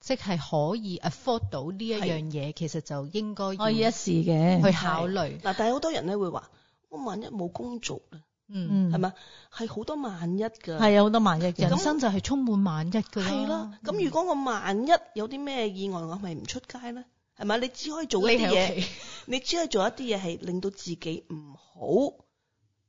即係可以 afford 到呢一樣嘢，的其實就應該可以一試嘅去考慮。嗱，但係好多人咧會話：我萬一冇工作嗯，係嘛、mm，係、hmm. 好多萬一噶，係有好多萬一，人生就係充滿萬一噶。係咯，咁如果我萬一有啲咩意外，我咪唔出街咧，係咪？你只可以做一啲嘢，你，是 okay. 你只可以做一啲嘢係令到自己唔好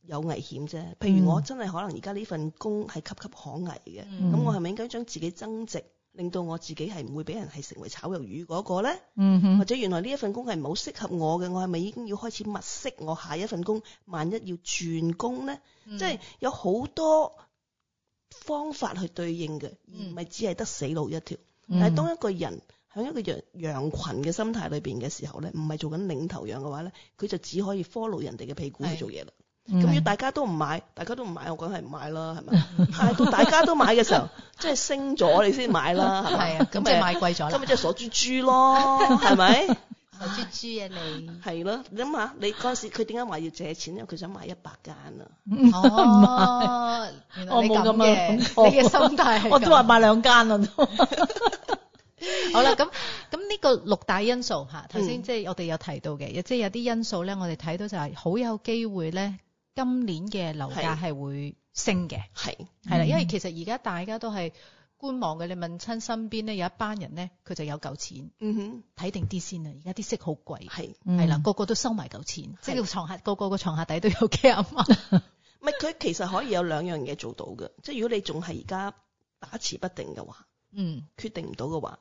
有危險啫。譬如我真係可能而家呢份工係岌岌可危嘅，咁、mm hmm. 我係咪應該將自己增值？令到我自己係唔會俾人係成為炒魷魚嗰個咧，mm hmm. 或者原來呢一份工係唔好適合我嘅，我係咪已經要開始物色我下一份工？萬一要轉工咧，mm hmm. 即係有好多方法去對應嘅，而唔係只係得死路一條，mm hmm. 但係當一個人響一個羊羊群嘅心態裏邊嘅時候咧，唔係做緊領頭羊嘅話咧，佢就只可以 follow 人哋嘅屁股去做嘢啦。Mm hmm. 咁要大家都唔買，大家都唔買，我梗係唔買啦，係咪？係到大家都買嘅時候，即係升咗你先買啦，係咪？係啊，咁咪係買貴咗，咁咪即係傻豬豬咯，係咪？傻豬豬啊你？係咯，你諗下，你嗰時佢點解話要借錢咧？因為佢想買一百間啊！哦，我冇咁嘅，你嘅心態我都話買兩間啊。好啦，咁咁呢個六大因素吓，頭先即係我哋有提到嘅，亦即係有啲因素咧，我哋睇到就係好有機會咧。今年嘅樓價係會升嘅，係係啦，因為其實而家大家都係觀望嘅。你問親身邊咧，有一班人咧，佢就有嚿錢，睇定啲先啦。而家啲息好貴，係係啦，個個都收埋嚿錢，即係個床下個個個床下底都有幾廿萬。乜佢嘛 其實可以有兩樣嘢做到嘅，即係如果你仲係而家把持不定嘅話，嗯，決定唔到嘅話，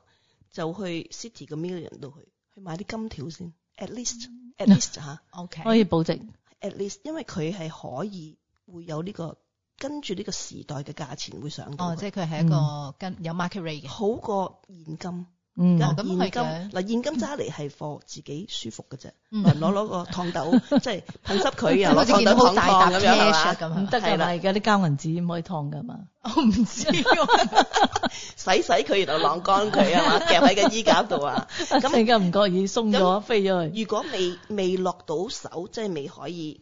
就去 city 咁 m 嘅人 l 度去去買啲金條先，at least、嗯、at least 吓 ，ok 可以保證。at least 因為佢係可以會有呢、這個跟住呢個時代嘅價錢會上到哦，即係佢係一個跟有 market rate 嘅、嗯，好過現金。嗯，現金嗱，現金揸嚟係貨，自己舒服嘅啫。攞攞個燙斗，即係噴濕佢啊，燙斗好大笪咁樣啊嘛，得㗎嘛。而家啲膠銀紙唔可以燙㗎嘛。我唔知，洗洗佢然後晾乾佢啊嘛，夾喺個衣架度啊，突然間唔覺意鬆咗飛咗去。如果未未落到手，即係未可以。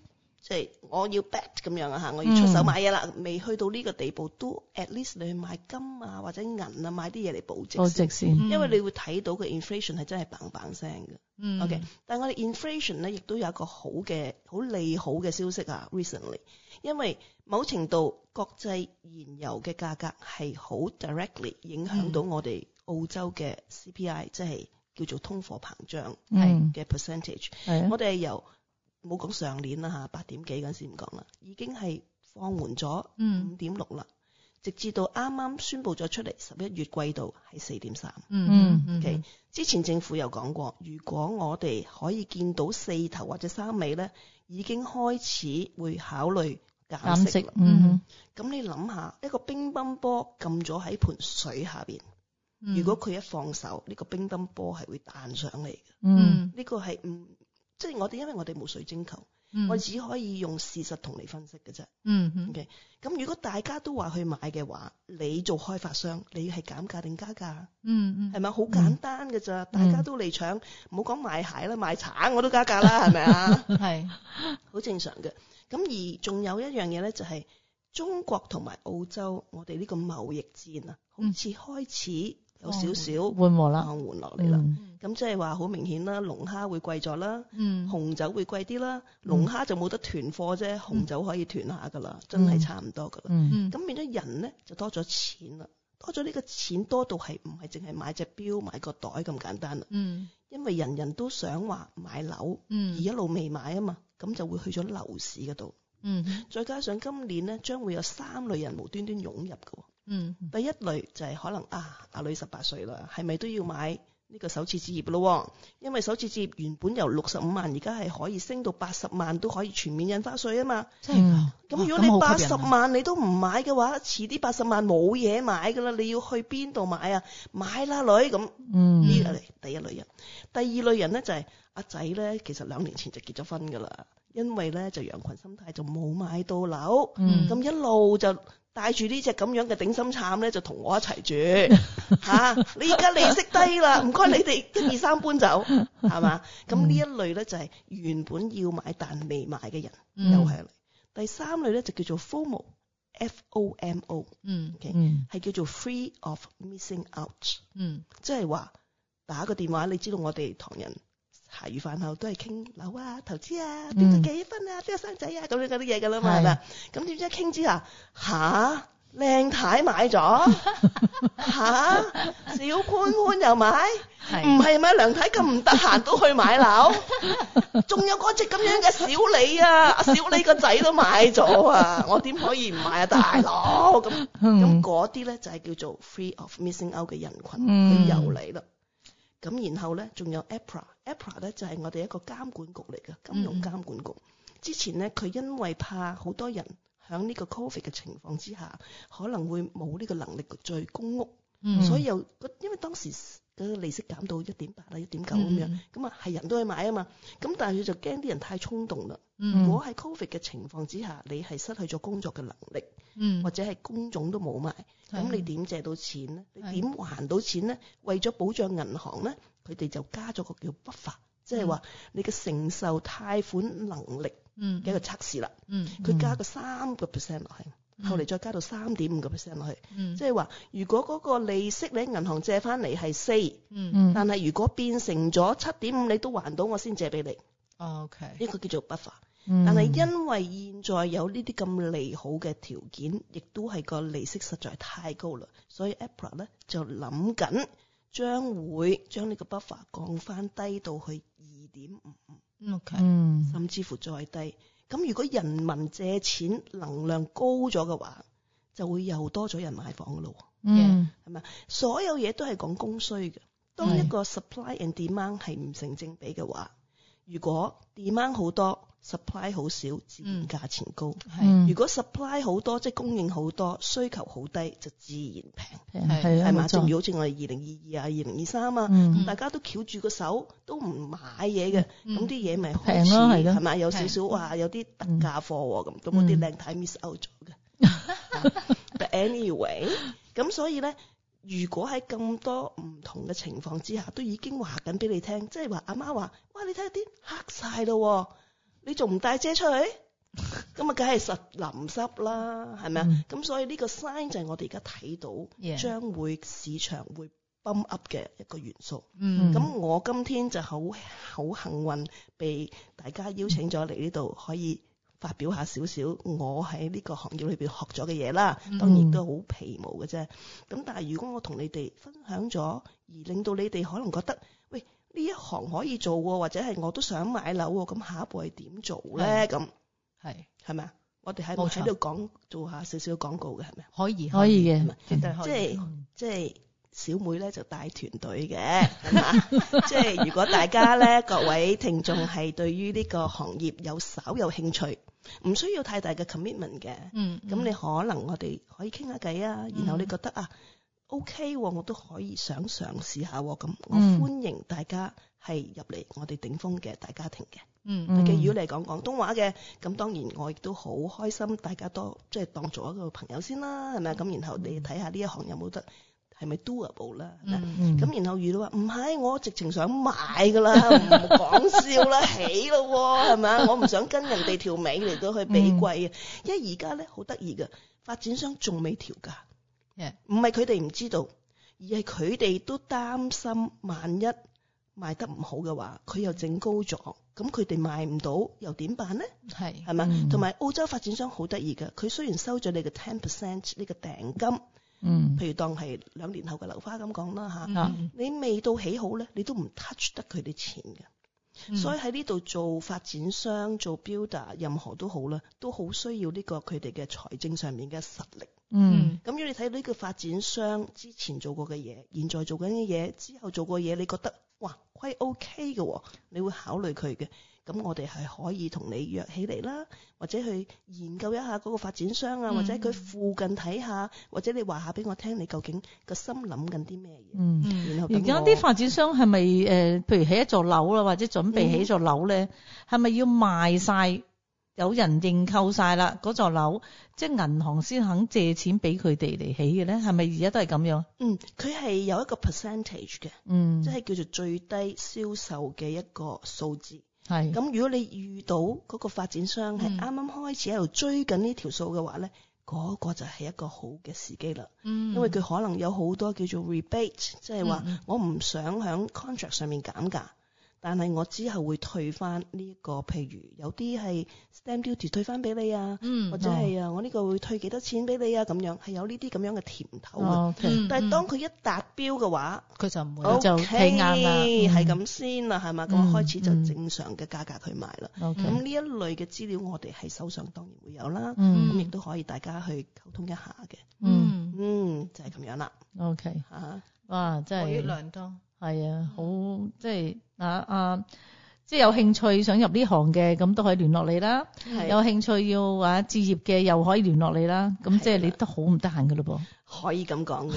即係我要 bet 咁樣啊嚇，我要出手買嘢啦。未去到呢個地步，都 at least 你去買金啊或者銀啊，買啲嘢嚟保值。保值先，因為你會睇到嘅 inflation 係真係棒棒聲嘅。嗯、OK，但係我哋 inflation 咧亦都有一個好嘅好利好嘅消息啊。Recently，因為某程度國際燃油嘅價格係好 directly 影響到我哋澳洲嘅 CPI、嗯、即係叫做通貨膨脹嘅 percentage、嗯。我哋係由冇講上年啦吓，八點幾嗰陣時唔講啦，已經係放緩咗五點六啦，嗯、直至到啱啱宣布咗出嚟十一月季度係四點三。嗯嗯 Okay, 嗯。之前政府又講過，如果我哋可以見到四頭或者三尾咧，已經開始會考慮減息啦。嗯。咁、嗯、你諗下，一個乒乓波撳咗喺盆水下邊，如果佢一放手，呢、這個乒乓波係會彈上嚟嘅。嗯。呢個係唔？嗯即係我哋，因為我哋冇水晶球，嗯、我只可以用事實同你分析嘅啫，嗯。嗯嗯。O K，咁如果大家都話去買嘅話，你做開發商，你係減價定加價？嗯嗯。係咪好簡單嘅咋？嗯、大家都嚟搶，唔好講賣鞋啦，賣產我都加價啦，係咪啊？係，好 是正常嘅。咁而仲有一樣嘢咧，就係中國同埋澳洲，我哋呢個貿易戰啊，好似開始有少少緩和啦，緩落嚟啦。嗯咁即係話好明顯啦，龍蝦會貴咗啦，紅酒會貴啲啦，龍蝦就冇得囤貨啫，紅酒可以囤下㗎啦，真係差唔多㗎啦。咁變咗人咧就多咗錢啦，多咗呢個錢多到係唔係淨係買隻表買個袋咁簡單啦？因為人人都想話買樓，而一路未買啊嘛，咁就會去咗樓市嗰度。再加上今年咧將會有三類人無端端湧入㗎。第一類就係可能啊，阿女十八歲啦，係咪都要買？呢個首次置業咯，因為首次置業原本由六十五萬，而家係可以升到八十萬，都可以全面印花稅啊嘛。真係咁如果你八十萬你都唔買嘅話，遲啲八十萬冇嘢買㗎啦，你要去邊度買啊？買啦女咁，嗯，呢個嚟第一類人，第二類人咧就係阿仔咧，其實兩年前就結咗婚㗎啦，因為咧就羊群心態就冇買到樓，咁、嗯、一路就。帶住呢隻咁樣嘅頂心杉咧，就同我一齊住嚇、啊。你而家利息低啦，唔該 你哋一二三搬走係嘛？咁呢、嗯、一類咧就係原本要買但未買嘅人，又係。嗯、第三類咧就叫做 FOMO，F O M O，嗯 o okay ?係、嗯、叫做 Free of Missing Out，嗯，即係話打個電話，你知道我哋唐人。茶餘飯後都係傾樓啊、投資啊、跌咗幾分啊、邊個生仔啊，咁樣嗰啲嘢噶啦嘛，係咪？咁點知傾之下，嚇，靚太買咗，嚇，小潘潘又買，唔係咪？梁太咁唔得閒都去買樓，仲有嗰隻咁樣嘅小李啊，阿小李個仔都買咗啊，我點可以唔買啊？大佬咁，咁嗰啲咧就係叫做 free of missing out 嘅人群又嚟啦。咁然後咧，仲有 APRA，APRA 咧就係我哋一個監管局嚟嘅、嗯、金融監管局。之前咧，佢因為怕好多人喺呢個 Covid 嘅情況之下，可能會冇呢個能力再供屋，嗯、所以又因為當時。利息減到一點八啦、一點九咁樣，咁啊係人都去買啊嘛，咁但係佢就驚啲人太衝動啦。嗯、如果喺 Covid 嘅情況之下，你係失去咗工作嘅能力，嗯，或者係工種都冇埋，咁你點借到錢咧？你點還到錢咧？的為咗保障銀行咧，佢哋就加咗個叫 buffer，即係話你嘅承受貸款能力嘅、嗯、一個測試啦、嗯。嗯。佢、嗯、加個三個 percent 落去。後嚟再加到三點五個 percent 落去，即係話如果嗰個利息你喺銀行借翻嚟係四，嗯，但係如果變成咗七點五，你都還到我先借俾你。OK，呢個叫做 buffer、嗯。但係因為現在有呢啲咁利好嘅條件，亦都係個利息實在太高啦，所以 APRA 咧就諗緊將會將呢個 buffer 降翻低到去二點五五。OK、嗯、甚至乎再低。咁如果人民借錢能量高咗嘅話，就會又多咗人買房咯喎，嗯，係咪？所有嘢都係講供需嘅，當一個 supply and demand 係唔成正比嘅話，如果 demand 好多，supply 好少，自然價錢高。係，如果 supply 好多，即係供應好多，需求好低，就自然平。係，係嘛？仲要好似我哋二零二二啊，二零二三啊，咁大家都翹住個手，都唔買嘢嘅，咁啲嘢咪好咯，係咪？有少少哇，有啲特價貨咁，咁嗰啲靚太 miss out 咗嘅。But anyway，咁所以咧，如果喺咁多唔同嘅情況之下，都已經話緊俾你聽，即係話阿媽話，哇，你睇下啲黑曬咯。你仲唔帶遮出去？咁啊，梗係實淋濕啦，係咪啊？咁、mm hmm. 所以呢個 sign 就係我哋而家睇到將會市場會 boom up 嘅一個元素。咁、mm hmm. 我今天就好好幸運，被大家邀請咗嚟呢度，可以發表下少少我喺呢個行業裏邊學咗嘅嘢啦。當然都好皮毛嘅啫。咁但係如果我同你哋分享咗，而令到你哋可能覺得，呢一行可以做喎，或者係我都想買樓喎，咁下一步係點做咧？咁係係咪啊？我哋喺冇喺度講做下少少廣告嘅係咪？可以可以嘅，絕對可以。即係即係小妹咧就帶團隊嘅，係咪？即係如果大家咧各位聽眾係對於呢個行業有稍有興趣，唔需要太大嘅 commitment 嘅，嗯，咁你可能我哋可以傾下偈啊，然後你覺得啊。O、okay, K，我都可以想嘗試下，咁我歡迎大家係入嚟我哋頂峰嘅大家庭嘅。嗯嗯，如果你講廣東話嘅，咁當然我亦都好開心，大家多即係當做一個朋友先啦，係咪啊？咁然後你睇下呢一行有冇得，係咪 doable 啦？嗯嗯，咁然後遇到話唔係，我直情想買噶啦，唔講笑啦，起咯喎，係咪啊？我唔想跟人哋條尾嚟到去比貴啊，因為而家咧好得意噶，發展商仲未調價。唔係佢哋唔知道，而係佢哋都擔心萬一賣得唔好嘅話，佢又整高咗，咁佢哋賣唔到又點辦咧？係，係嘛？同埋澳洲發展商好得意嘅，佢雖然收咗你嘅 ten percent 呢個訂金，嗯，譬如當係兩年後嘅樓花咁講啦吓，嗯，你未到起好咧，你都唔 touch 得佢哋錢嘅。所以喺呢度做發展商、做 builder，任何都好啦，都好需要呢個佢哋嘅財政上面嘅實力。嗯，咁如果你睇到呢個發展商之前做過嘅嘢，現在做緊嘅嘢，之後做過嘅嘢，你覺得哇，還 OK 嘅，你會考慮佢嘅。咁我哋係可以同你約起嚟啦，或者去研究一下嗰個發展商啊，嗯、或者佢附近睇下，或者你話下俾我聽，你究竟個心諗緊啲咩嘢？嗯，然後而家啲發展商係咪誒？譬、呃、如起一座樓啦，或者準備起座樓咧，係咪、嗯、要賣晒，有人認購晒啦？嗰座樓即係銀行先肯借錢俾佢哋嚟起嘅咧？係咪而家都係咁樣？嗯，佢係有一個 percentage 嘅，嗯，即係叫做最低銷售嘅一個數字。咁如果你遇到嗰個發展商係啱啱開始喺度追緊呢條數嘅話咧，嗰、嗯、個就係一個好嘅時機啦。嗯、因為佢可能有好多叫做 rebate，嗯、即係話我唔想響 contract 上面減價。但係我之後會退翻呢一個，譬如有啲係 stamp duty 退翻俾你啊，或者係啊，我呢個會退幾多錢俾你啊，咁樣係有呢啲咁樣嘅甜頭嘅。但係當佢一達標嘅話，佢就唔會就睇啱啦，係咁先啦，係嘛？咁開始就正常嘅價格去賣啦。咁呢一類嘅資料我哋係手上當然會有啦，咁亦都可以大家去溝通一下嘅。嗯，嗯，就係咁樣啦。OK，嚇哇，即係。係啊，好，即係啊啊，即係有興趣想入呢行嘅，咁都可以聯絡你啦。係的有興趣要話、啊、置業嘅，又可以聯絡你啦。咁的即係你都好唔得閒噶咯噃。可以咁講嘅，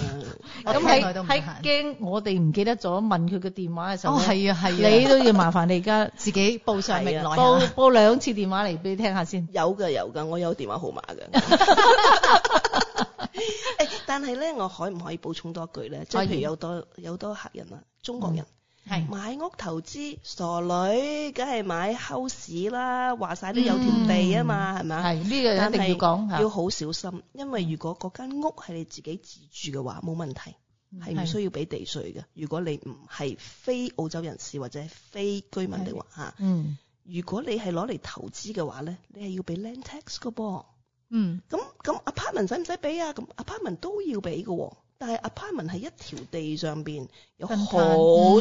咁喺喺驚我哋唔記得咗問佢嘅電話嘅時候。哦，係啊，係啊。 你都要麻煩你而家自己報上名來，的報 報兩次電話嚟俾你聽下先。有噶有噶，我有電話號碼嘅。誒， 但係咧，我可唔可以補充多句咧？即係譬如有多有多客人啊。中國人係、嗯、買屋投資，傻女，梗係買 house 啦，話晒都有條地啊嘛，係咪、嗯？係呢個一定要講，要好小心，嗯、因為如果嗰間屋係你自己自住嘅話，冇問題，係唔需要俾地稅嘅。是如果你唔係非澳洲人士或者係非居民的話嚇，嗯，如果你係攞嚟投資嘅話咧，你係要俾 land tax 嘅噃，嗯，咁咁 apartment 使唔使俾啊？咁 apartment 都要俾嘅喎。但係 apartment 係一條地上邊有好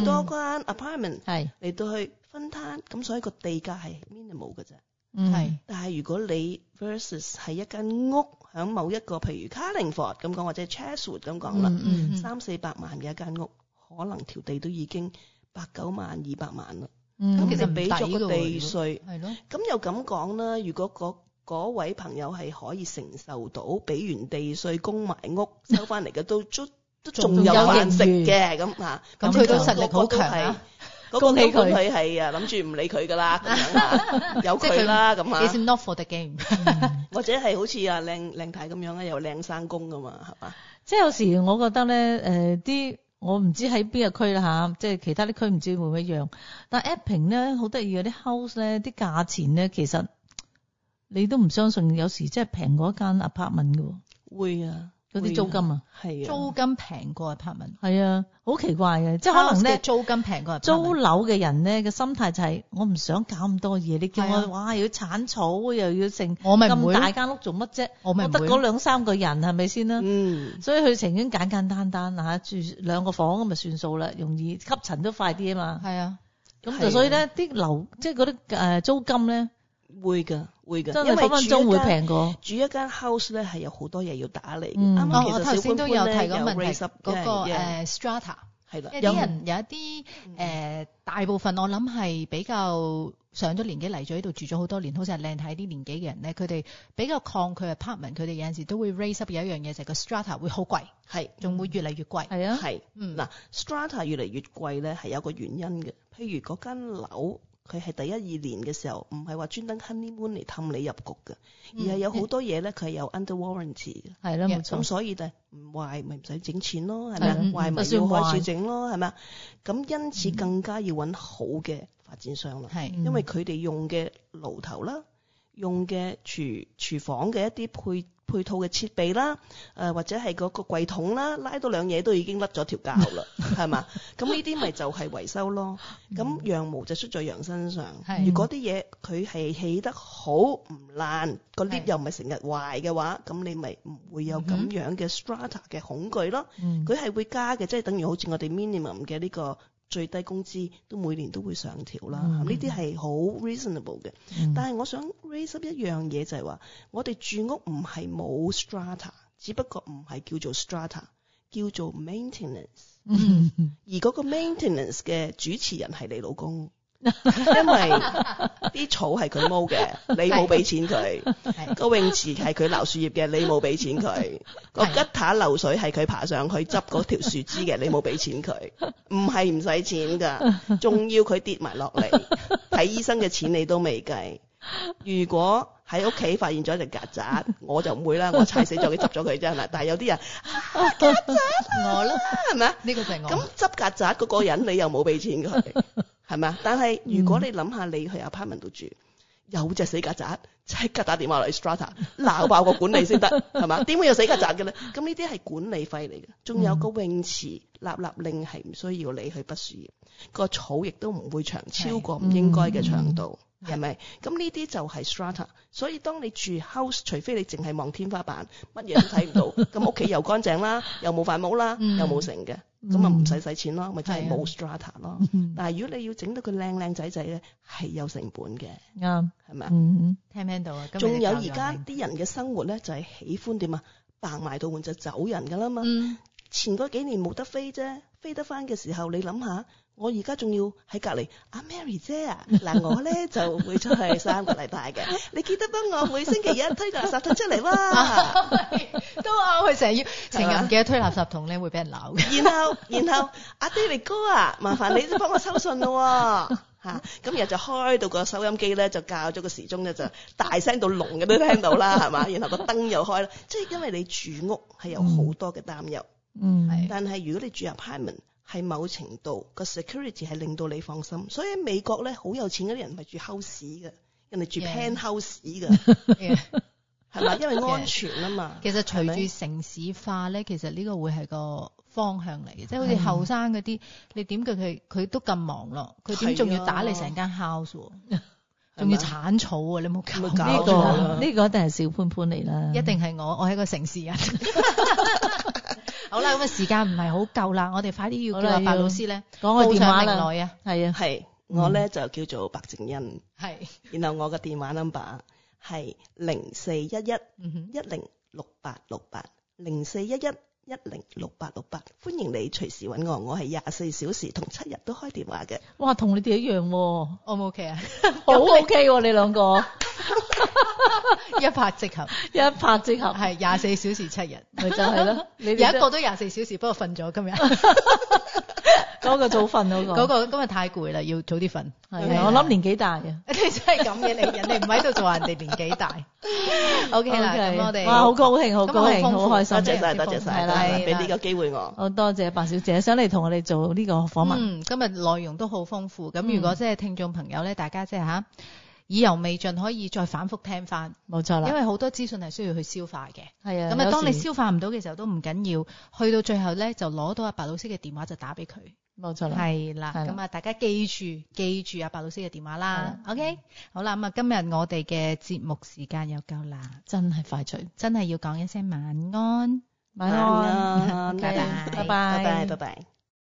多間 apartment 嚟、嗯、到去分攤，咁所以個地價係 minimal 嘅啫。係、嗯，但係如果你 versus 係一間屋喺某一個，譬如 Carlingford 咁講，或者 Cheswood 咁講啦，嗯嗯嗯、三四百萬嘅一間屋，可能條地都已經八九萬二百萬啦。咁、嗯嗯、你俾咗個地稅，係咯？咁又咁講啦，如果個嗰位朋友係可以承受到，俾完地稅供埋屋收翻嚟嘅都都仲有人食嘅咁嚇。咁佢都實力好強啊！嗰個嗰個佢係啊，諗住唔理佢噶啦咁樣，有佢啦咁嚇。你 not for the game，或者係好似啊靚靚太咁樣咧，又靚生工噶嘛，係嘛？即係有時我覺得咧，誒、呃、啲我唔知喺邊個區啦嚇，即係其他啲區唔知會唔會一樣。但係 Epping 呢好得意，有啲 house 呢啲價錢呢，其實～你都唔相信，有時真係平過一間 apartment 嘅喎。會啊，嗰啲租金啊，係啊，租金平過 apartment。係啊，好奇怪嘅，即係可能咧，租金平過阿租樓嘅人咧嘅心態就係，我唔想搞咁多嘢，你叫我哇，要鏟草又要剩，我咪咁大間屋做乜啫？我咪唔會。得嗰兩三個人係咪先啦？嗯。所以佢情願簡簡單單嚇住兩個房咁咪算數啦，容易吸塵都快啲啊嘛。係啊。咁就所以咧，啲樓即係嗰啲誒租金咧。會㗎，會㗎，一分分鐘會平過。住一間 house 咧係有好多嘢要打理嘅。啱啱我頭先都有提個問題，嗰個 strata 係啦，有人有一啲誒，大部分我諗係比較上咗年紀嚟咗呢度住咗好多年，好似係靚睇啲年紀嘅人咧，佢哋比較抗拒 apartment，佢哋有陣時都會 raise up 有一樣嘢就係個 strata 會好貴，係，仲會越嚟越貴。係啊，係。嗯，嗱，strata 越嚟越貴咧係有個原因嘅，譬如嗰間樓。佢係第一二年嘅時候，唔係話專登 honey money 氹你入局嘅，而係有好多嘢咧，佢係有 under warranty 嘅。係咯、嗯、冇錯，咁所以咧，唔壞咪唔使整錢咯，係咪？嗯、壞咪要開始整咯，係咪、嗯？咁因此更加要揾好嘅發展商啦，嗯、因為佢哋用嘅爐頭啦，用嘅廚廚房嘅一啲配配套嘅設備啦，誒或者係嗰個櫃桶啦，拉到兩嘢都已經甩咗條膠啦，係嘛？咁呢啲咪就係維修咯。咁羊毛就出在羊身上，如果啲嘢佢係起得好唔爛，個 lift 又唔係成日壞嘅話，咁你咪唔會有咁樣嘅 strata 嘅恐懼咯。嗯，佢係會加嘅，即係等於好似我哋 minimum 嘅呢個。最低工資都每年都會上調啦，呢啲係好 reasonable 嘅。但係我想 raise 一樣嘢就係話，我哋住屋唔係冇 strata，只不過唔係叫做 strata，叫做 maintenance。而嗰個 maintenance 嘅主持人係你老公。 因為啲草係佢薅嘅，你冇俾錢佢；個 泳池係佢撈樹葉嘅，你冇俾錢佢；個 吉塔流水係佢爬上去執嗰條樹枝嘅，你冇俾錢佢。唔係唔使錢噶，仲要佢跌埋落嚟睇醫生嘅錢你都未計。如果喺屋企發現咗隻曱甴，我就唔會啦，我踩死就去執咗佢啫，係咪？但係有啲人，曱、啊、甴、啊、我啦了，係咪？呢個就係我。咁執曱甴嗰個人，你又冇俾錢佢。係嘛？但係如果你諗下，你去 apartment 度住，有隻死曱甴，即刻打電話嚟 strata，鬧爆個管理先得，係嘛？點會有死曱甴嘅咧？咁呢啲係管理費嚟嘅，仲有個泳池立立令係唔需要你去不樹葉，那個草亦都唔會長超過唔應該嘅長度，係咪是？咁呢啲就係 strata。所以當你住 house，除非你淨係望天花板，乜嘢都睇唔到，咁屋企又乾淨啦，又冇糞毛啦，又冇剩嘅。咁啊唔使使錢咯，咪真係、嗯、冇 strata 咯。嗯、但係如果你要整到佢靚靚仔仔咧，係、嗯、有成本嘅。啱、嗯，係咪啊？聽唔聽到啊？仲有而家啲人嘅生活咧，就係喜歡點啊？白埋到換就走人噶啦嘛。嗯、前嗰幾年冇得飛啫，飛得翻嘅時候，你諗下。我而家仲要喺隔籬阿 Mary 姐啊，嗱我咧就會出去三個禮拜嘅，你記得幫我每星期一推垃圾桶出嚟哇， 都我佢成日要成日唔記得推垃圾桶咧會俾人鬧嘅。 然後然後阿 David 哥啊，麻煩你都幫我收信咯，吓咁日就開到個收音機咧就校咗個時鐘嘅就大聲到聾咁都聽到啦，係嘛？然後個燈又開啦，即係因為你住屋係有好多嘅擔憂，嗯，但係如果你住入派門。係某程度個 security 係令到你放心，所以美國咧好有錢嗰啲人唔係住 house 嘅，人哋住 penthouse 嘅，係嘛 Yeah. Yeah.？因為安全啊嘛。Yeah. 吧其實隨住城市化咧，嗎其實呢個會係個方向嚟嘅，嗎即係好似後生嗰啲，你點解佢佢都咁忙咯？佢點仲要打理成間 house，仲嗎要剷草啊？你冇搞呢個？呢個一定係小潘潘嚟啦，一定係我，我係個城市人。 好啦，咁啊時間唔係好夠啦，我哋快啲要叫阿白老師咧講個電話啦。係啊，係的 我咧就叫做白靜茵，係是的， 然後我嘅電話 number 係零四一一一零六八六八零四一一。一零六八六八，歡迎你隨時揾我，我係廿四小時同七日都開電話嘅。哇，同你哋一樣，O 唔 OK 啊？好 OK 喎，你兩個一拍即合，一拍即合，係廿四小時七日，咪就係咯。你有一個都廿四小時不過瞓咗今日，嗰個早瞓嗰個，嗰個今日太攰啦，要早啲瞓。係我諗年紀大嘅，你真係咁嘅你，人哋唔喺度做，人哋年紀大。O K 啦，我哋哇好高興，好高興，好開心，多謝晒，多謝晒。係俾呢個機會我。哦，多謝白小姐，想嚟，同我哋做呢個訪問。嗯，今日內容都好豐富。咁如果即係聽眾朋友咧，大家即係吓，意猶未盡，可以再反復聽翻。冇錯啦，因為好多資訊係需要去消化嘅。係啊。咁啊，當你消化唔到嘅時候，都唔緊要。去到最後咧，就攞到阿白老師嘅電話就打俾佢。冇錯啦。係啦，咁啊，大家記住記住阿白老師嘅電話啦。OK，好啦，咁啊，今日我哋嘅節目時間又夠啦，真係快脆，真係要講一聲晚安。晚安，拜拜，拜拜，拜拜。